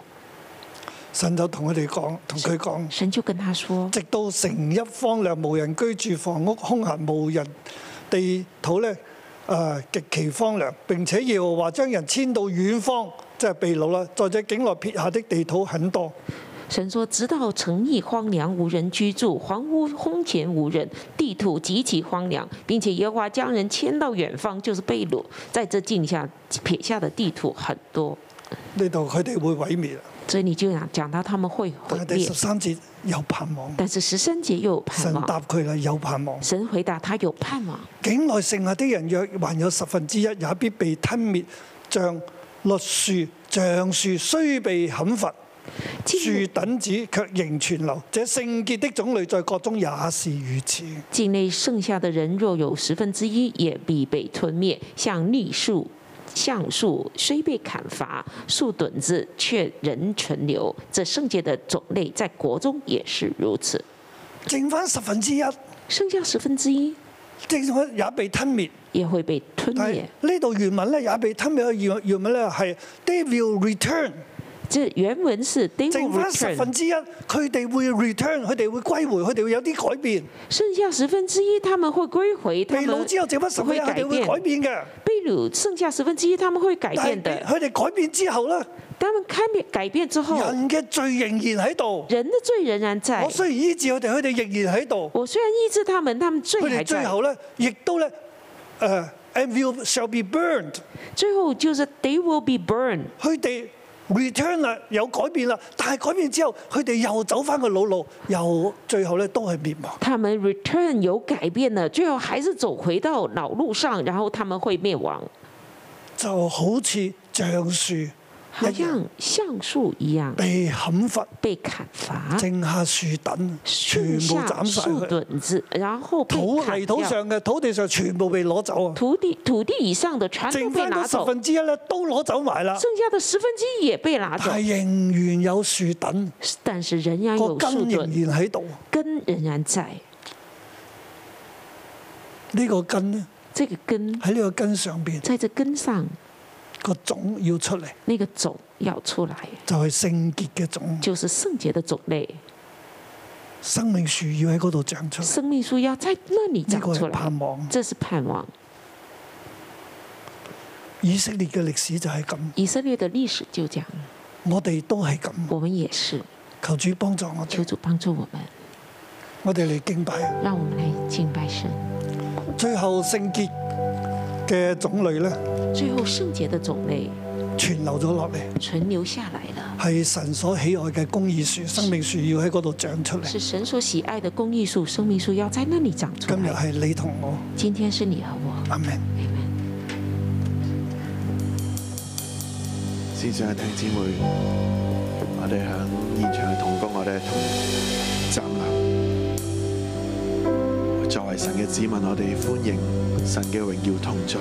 神就同佢哋講，同佢講，神就跟他說：直到城邑荒涼無人居住，房屋空閒無人，地土咧，誒、啊，極其荒涼，並且耶和華將人遷到遠方，即係秘魯啦。在這境內撇下的地土很多。神說，直到城邑荒涼無人居住，房屋空前無人，地土極其荒涼，並且耶和華將人遷到遠方，就是被擄。在這境下撇下的地土很多，呢度佢哋會毀滅。所以你就講講到他們會毀滅。但第十三節有盼望，但是十三節又有盼望。神答佢啦，有盼望。神回答他，他有盼望。境內剩下的人若還有十分之一，也必被吞滅，像栗樹、橡樹，雖被砍伐。樹墩子卻仍存留，這聖潔的種類在國中也是如此。境內剩下的人，若有十分之一，也必被吞滅。像栗樹、橡樹雖被砍伐，樹墩子卻仍存留。這聖潔的種類在國中也是如此。剩翻十分之一，剩下十分之一，剩翻也被吞滅，也會被吞滅。呢度原文呢，也被吞滅。原原文呢，係，They will return。這原文是剩翻十分之一，佢哋會 return，佢哋會歸回，佢哋會有啲改變。剩下十分之一，他們會歸回。被擄之後，剩翻十佢哋會改變嘅。被擄剩下十分之一，他們會改變的。佢哋改，改變之後呢？他們改變之後，人嘅罪仍然喺度。人的罪仍然在。我雖然醫治佢哋，佢哋仍然喺度。我雖然醫治他們，他們罪還在。佢哋最後呢，亦都咧，誒、uh，and will shall be burned。最後就是 they will be burned。佢哋。return 啦有改變啦，但係改變之後，佢哋又走翻返個老路，又最後呢都係滅亡。他們 return 有改變啦，最後還是走回到老路上，然後他們會滅亡。就好似橡樹。一樣橡樹一樣被砍伐，被砍伐，剩下樹墩，全部斬晒佢。樹墩子，然後土泥上嘅土地上全部被攞走啊！土地土地以上的全部被拿走。剩下十分之一都攞走埋啦。剩下的十分之一也被拿走。係仍然有樹墩，但是仍然有樹墩。根仍然喺度，根仍然在。呢個根呢？這個根喺呢、這個、個根上邊，在這根上。個種要出嚟，那個種要出來，就係聖潔嘅種，就是聖潔的種類。生命樹要喺嗰度長出嚟，生命樹要在那裏長出來。那個係盼望，盼望，這是盼望。以色列嘅歷史就係咁，以色列的歷史就這樣，我哋都係咁，我們也是。求主幫助我哋，求主幫助我們。我哋嚟敬拜，讓我們嚟敬拜神。最後聖潔嘅種類呢？最後聖潔的種類全留咗落嚟，存留下嚟的係神所喜愛嘅公義樹、生命樹，要喺嗰度長出嚟。是神所喜愛嘅公義樹、生命樹，要喺那裏長出。今日係你同我，今天是你和我。阿門、啊，阿門、啊。線上嘅聽姊妹，我哋響現場嘅同工，我哋同站立。作為神嘅子民，我哋歡迎神嘅榮耀同在。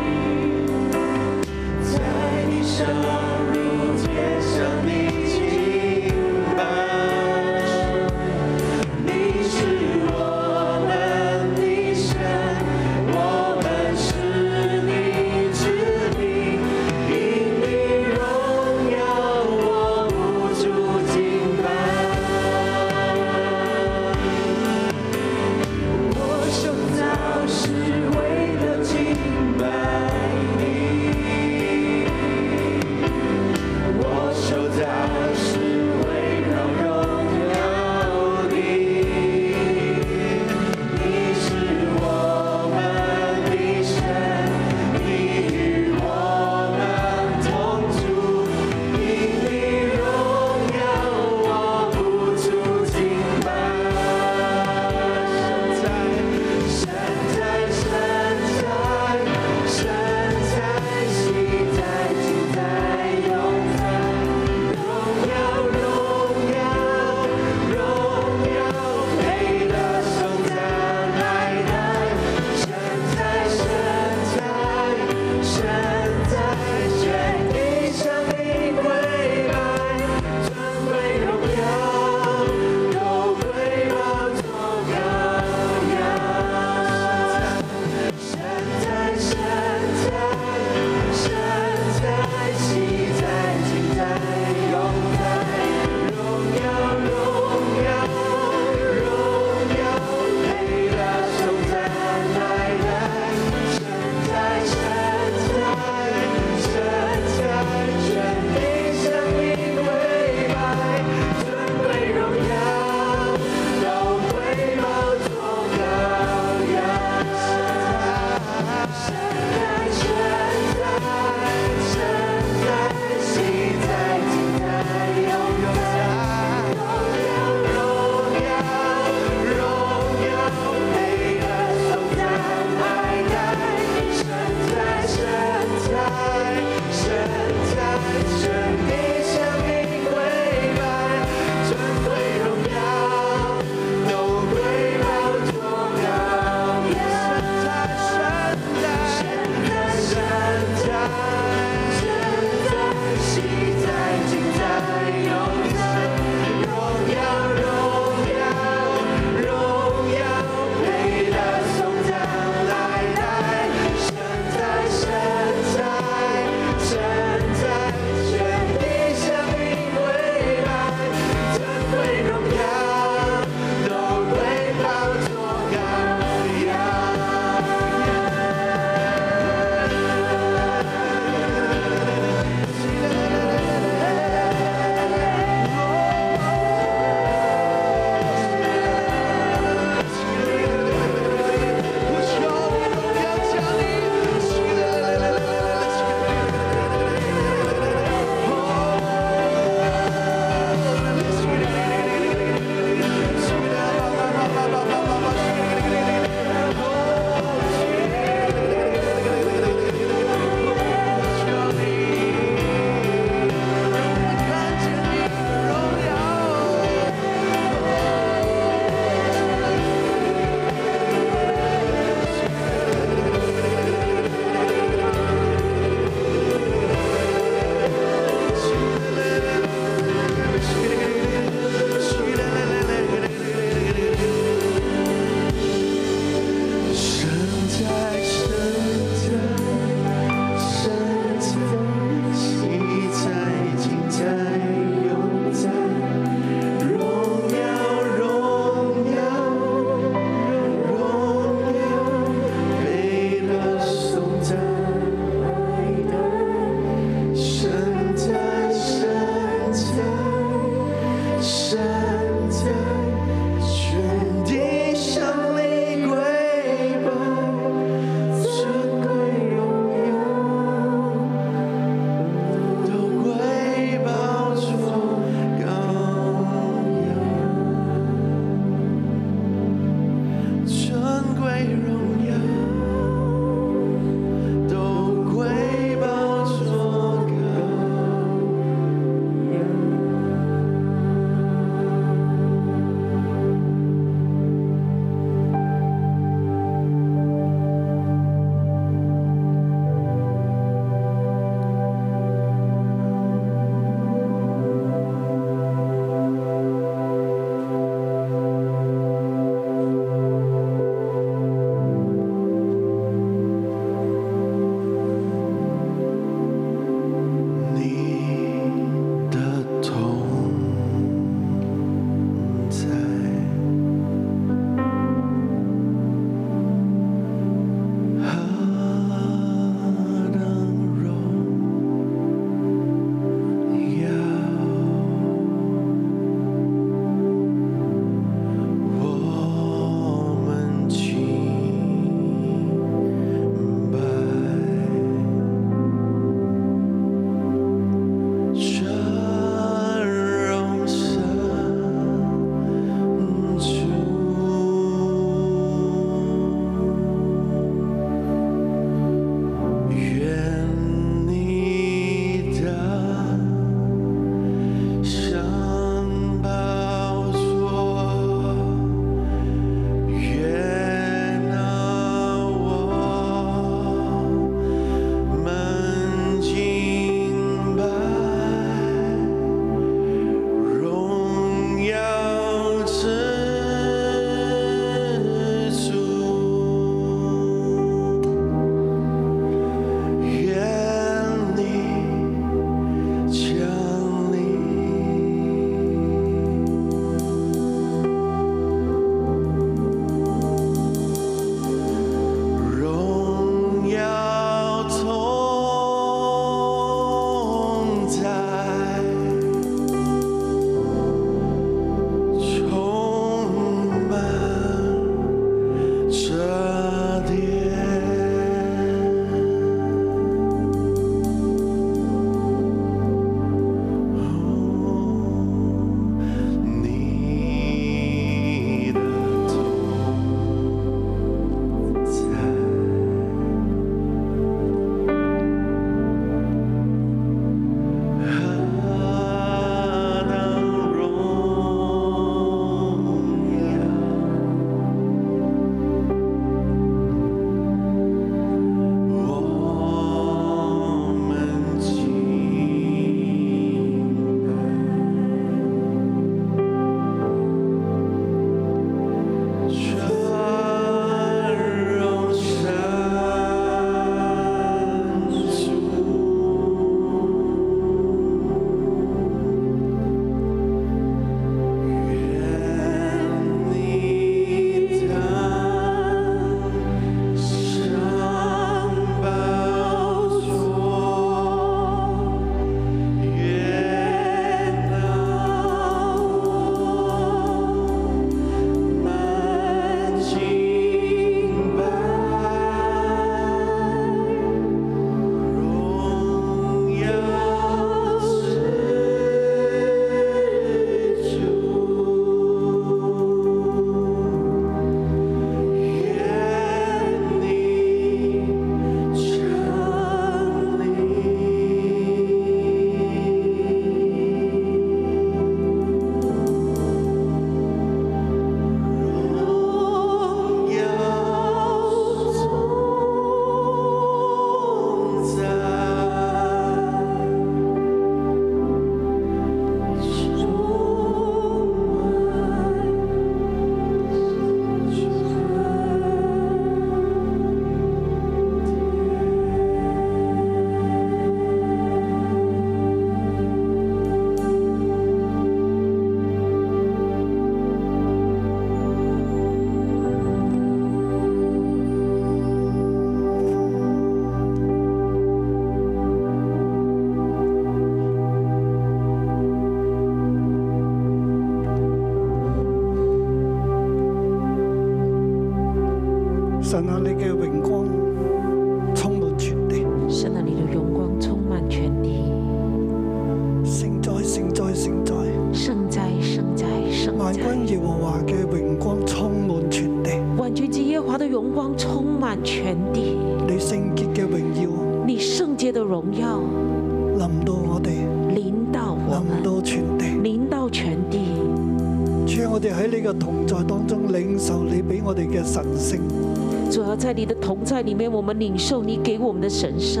領受你給我們的神聖，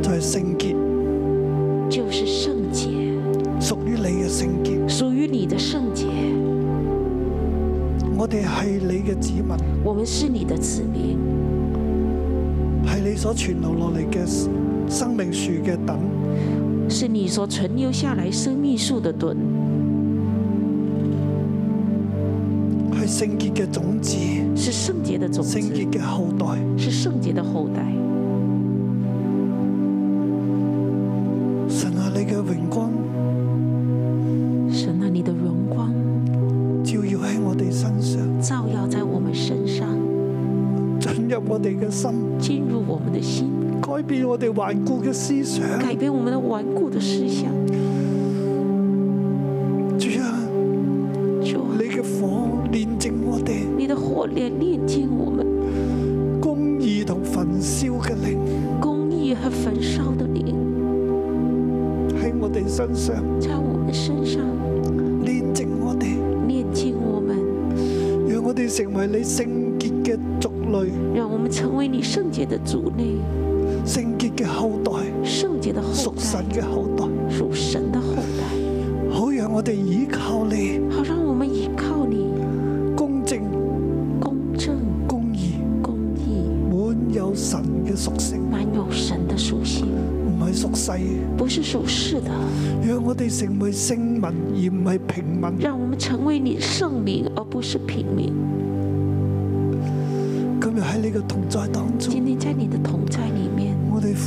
就係、是、聖潔，就是聖潔，屬於你嘅聖潔，屬於你的聖潔。我哋係你嘅子民，我們是你的子民，係你所傳留落嚟嘅生命樹嘅盾，是你所存留下來生命樹嘅盾，係聖潔嘅種子。是聖潔的種子，聖潔的後代，是聖潔的後代。神啊，你的榮光，神啊，你的榮光，照耀喺我哋身上，照耀在我們身上，進入我哋嘅心，進入我們的心，改變我哋頑固嘅思想，改變我們嘅頑固的思想。後代，屬神嘅後代，屬神的後代，好讓我哋依靠你，好讓我們依靠你，公正、公正、公義、公義，滿有神嘅屬性，滿有神的屬性，唔係屬世嘅，不是屬世的，讓我哋成為聖民而唔係平民，讓我們成為你聖民而不是平民。今日喺你嘅同在當中。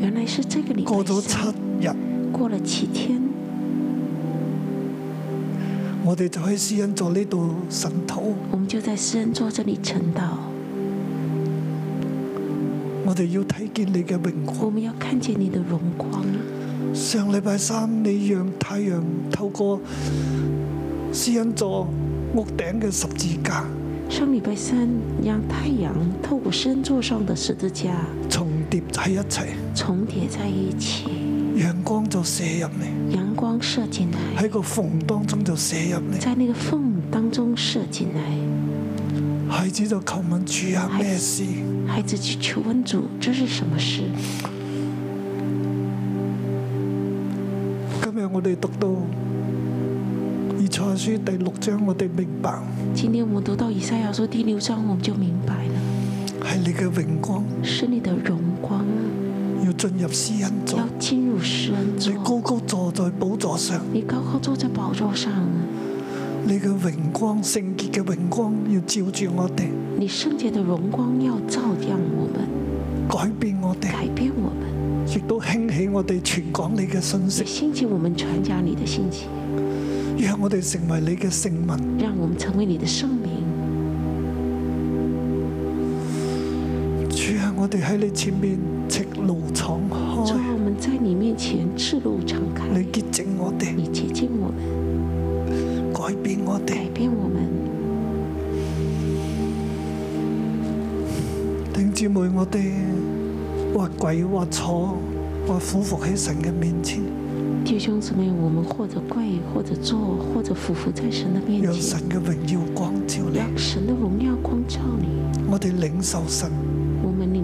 原來是這個禮拜三，過咗七日，過了七天，我哋就喺施恩座呢度晨禱。我哋要睇見你嘅榮光。我們要看見你的榮光。上禮拜三，你讓太陽透過施恩座屋頂嘅十字架。上禮拜三，讓太陽透過施恩座上的十字架。疊喺一齊，重疊在一起。陽光就射入嚟，陽光射進來。喺個縫當中就射入嚟，在那個縫當中射進來。孩子就求問主啊，咩事？孩子去求問主，這是什麼事？今日我哋讀到以賽書第六章，我哋明白。今天我們讀到以賽亞書第六章，我們就明白了。係你嘅榮光，是你的榮。進入施恩座，要進入施恩座，你高高坐在寶座上。你高高坐在寶座上，你嘅榮光聖潔嘅榮光要照住我哋。你聖潔嘅榮光要照亮我們，改變我哋，改變我們，亦都興起我哋傳講你嘅信息，興起我們傳講你的信息，讓我哋成為你嘅聖民，讓我們成為你的聖。我哋喺你前面，赤路敞開。我們在你面前赤路敞開。你潔淨我哋，你接近我們，改變我哋，改變我們。弟兄姊妹，我哋或跪或坐，或俯伏喺神嘅面前。弟兄姊妹，我們或者跪，或者坐，或者俯伏，伏在神嘅面前。讓神嘅榮耀光照你。讓神的榮耀光照你。我哋領受神。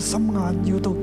心眼要到。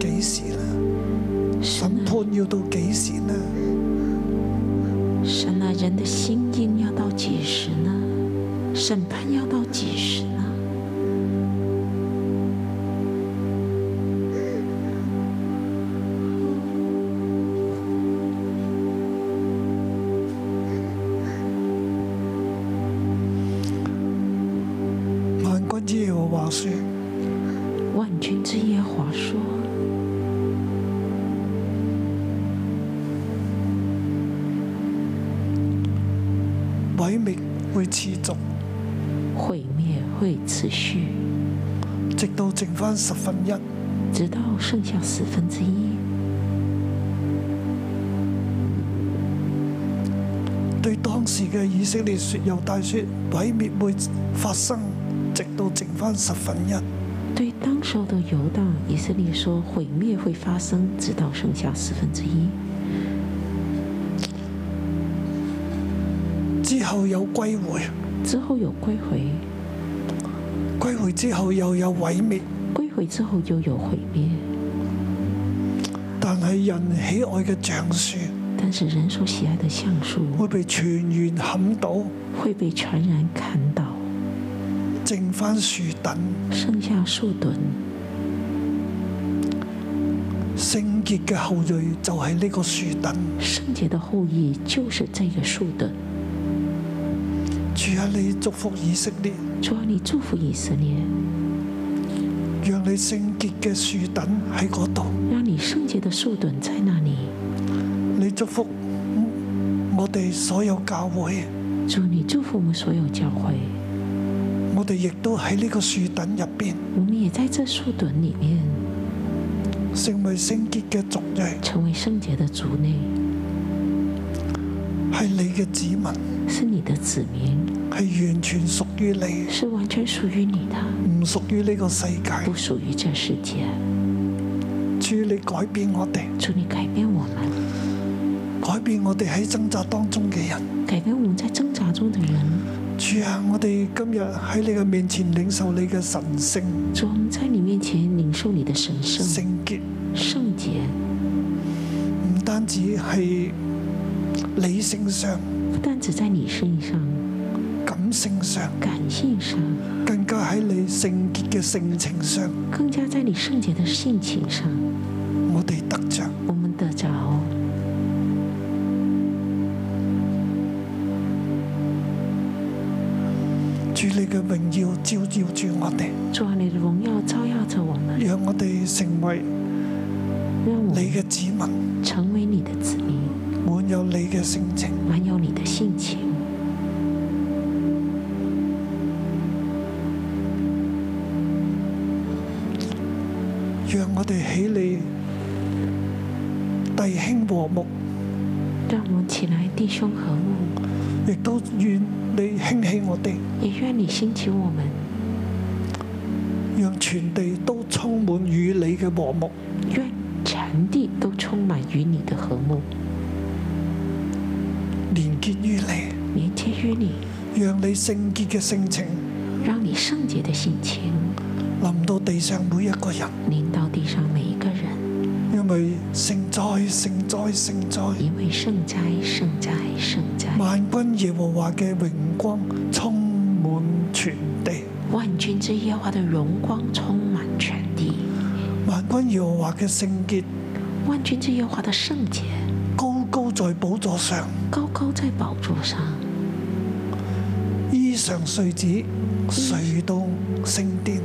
直到剩下四分之一，對當時嘅以色列說，有大說毀滅會發生，直到剩翻十分一。對當時嘅猶大，以色列說毀滅會發生，直到剩下四分之一。之後有歸回，之後有歸回，歸回之後又有毀滅。之後又有毀滅，但係人喜愛嘅橡樹，但是人所喜愛嘅橡樹會被全然砍倒，會被全然砍倒，剩翻樹墩，剩下樹墩，聖潔嘅後裔就係呢個樹墩，聖潔嘅後裔就是這個樹墩。主啊，你祝福以色列，主啊，你祝福以色列。讓你聖潔嘅樹墩喺嗰度，讓你聖潔的樹墩在那裏。你祝福我哋所有教會，祝你祝福我所有教會。我哋亦都喺呢個樹墩入邊，我們也在這樹墩裏面成為聖潔嘅族人，成為聖潔嘅主內，係你嘅子民，是你嘅子民。係完全屬於你，是完全屬於你的，唔屬於呢個世界，不屬於這世界。主你改變我哋，主你改變我們，改變我哋喺掙扎當中嘅人，改變我們在掙扎中嘅人。主啊，我哋今日喺你嘅面前領受你嘅神性，主，我們在你面前領受你嘅神性，聖潔，聖潔。唔單止係理性上，不單止在你身上。感性上，感性上，更加喺你聖潔嘅性情上，更加在你聖潔嘅性情上。我哋得着，我們得着，主，你嘅榮耀照耀住我哋，主啊，你嘅榮耀照耀着我們，讓我哋成為你嘅子民，成為你的子民，滿有你嘅性情，滿有你的性情。我哋起你弟兄和睦，讓我起來弟兄和睦，亦都願你興起我哋，也願你興起我們，讓全地都充滿與你嘅和睦，願全地都充滿與你嘅和睦，連結於你，連結於你，讓你聖潔嘅性情，讓你聖潔嘅性情，臨到地上每一個人，地上每一個人，因為聖哉，聖哉，聖哉；因為聖哉，聖哉，聖哉。萬軍耶和華嘅榮光充滿全地。萬軍之耶和華嘅榮光充滿全地。萬軍耶和華嘅聖潔。萬軍之耶和華嘅聖潔。高高在寶座上。高高在寶座上。衣裳碎子，誰到聖殿？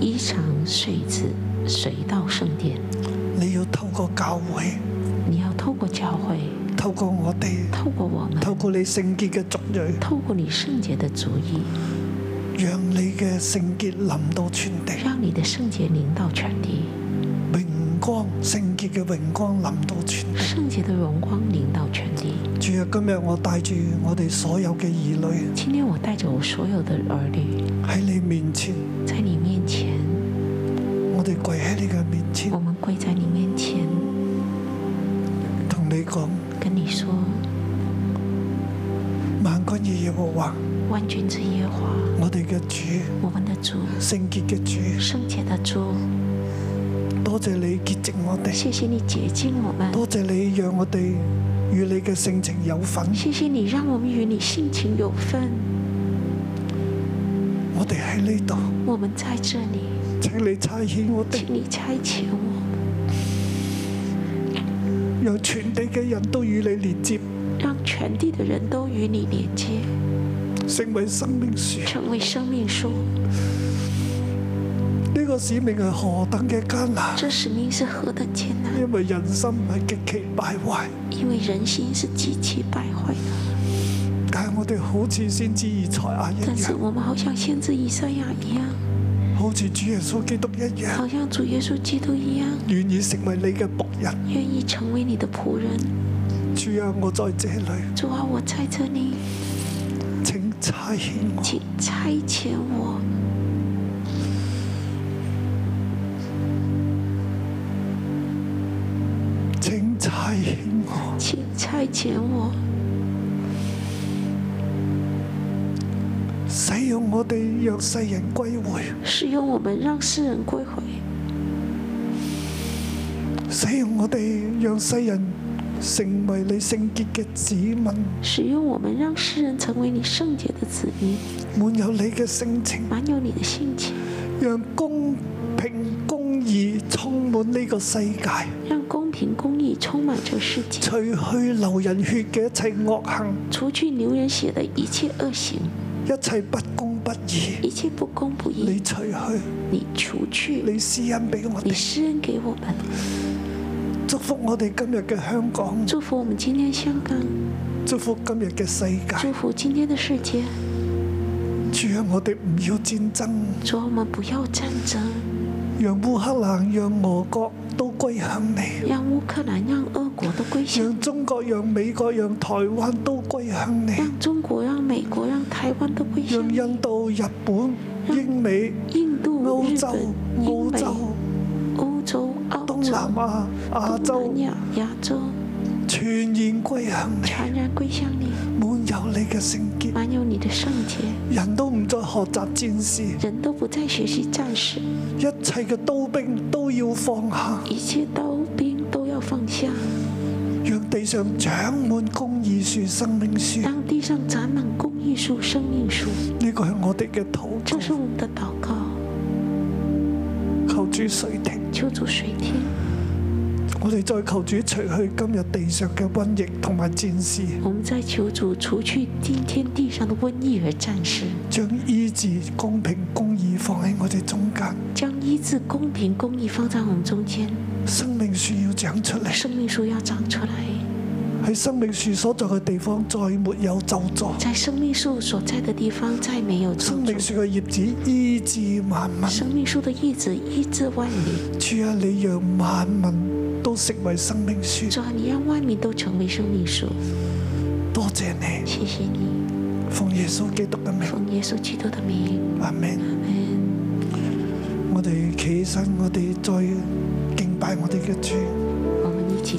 衣裳碎子。水到聖殿？你要透過教會，你要透過教會，透過我哋，透過我們，透過你聖潔嘅族裔，透過你聖潔嘅主意，讓你嘅聖潔臨到全地，讓你嘅聖潔臨到全地，榮光聖潔嘅榮光臨到全地，聖潔嘅榮光臨到全地。主啊，今日我帶住我哋所有嘅兒女，今天我帶住我所有嘅兒女喺你面前。我哋跪喺你嘅面前，我們跪在你面前，同你講，跟你說，萬軍之耶和華，萬軍之耶和華，我哋嘅主，我們的主，聖潔嘅主，聖潔的主，多謝你結集我哋，謝謝你結集我們，多謝你讓我哋與你嘅性情有份，謝謝你讓我們與你性情有份，我哋喺呢度，我們在這裏。請你差遣我。請你差遣我。讓全地嘅人都與你連接。讓全地嘅人都與你連接。成為生命樹。成為生命樹。呢個使命係何等嘅艱難？這使命是何等艱難？因為人心係極其敗壞。因為人心是極其敗壞。但係我哋好似先知以賽亞一樣。但是我們好像先知以賽亞一樣。好似主耶穌基督一樣，好像主耶穌基督一樣，願意成為你嘅僕人，願意成為你的僕人,人。主啊，我在這裏，主啊，我在這裏，請差遣我，請差遣我，請差遣我，請差遣我。我哋讓世人歸回，使用我們讓世人歸回，使用我哋讓世人成為你聖潔嘅子民，使用我們讓世人成為你聖潔的子民，滿有你嘅性情，滿有你的性情，讓公平公義充滿呢個世界，讓公平公義充滿這個世界，除去流人血嘅一切惡行，除去流人血的一切惡行，一切不公。不義，一切不公不義。你除去，你除去。你施恩俾我哋，你施恩給我們。祝福我哋今日嘅香港，祝福我們今天香港。祝福今日嘅世界，祝福今天的世界。主啊，我哋唔要戰爭，主，我們不要戰爭。讓烏克蘭、讓俄國都歸向你；讓烏克蘭、讓俄國都歸向你；讓中國、讓美國、讓台灣都歸向你；讓中國、讓美國、讓台灣都歸向你；讓印度、日本、英美、印度、日本、歐洲、歐洲、東南亞、亞洲、亞洲，全然歸向你，全然歸向你。有你嘅聖潔，滿有你嘅聖潔。人都唔再學習戰士，人都不再學習戰士。一切嘅刀兵都要放下，一切刀兵都要放下。讓地上長滿公義樹、生命樹，當地上長滿公義樹、生命樹。呢個係我哋嘅禱告，這是我們嘅禱告。求主垂聽，求主垂聽。我哋再求主除去今日地上嘅瘟疫同埋戰事，我們再求主除去今天地上的瘟疫和戰事，將醫治、公平、公義放喺我哋中間。將醫治、公平、公義放在我們中間。生命樹要長出嚟。生命樹要長出嚟，喺生命樹所在嘅地方，再沒有咒詛。在生命樹所在嘅地方，再沒有咒詛。生命樹嘅葉子醫治萬民，生命樹嘅葉子醫治萬民。主啊，你讓萬民。都成為生命樹。主啊，你讓外面都成為生命樹。多謝你，謝謝你。奉耶穌基督的名。奉耶穌基督的名。阿門。阿門。我哋企起身，我哋再敬拜我哋嘅主。我們一起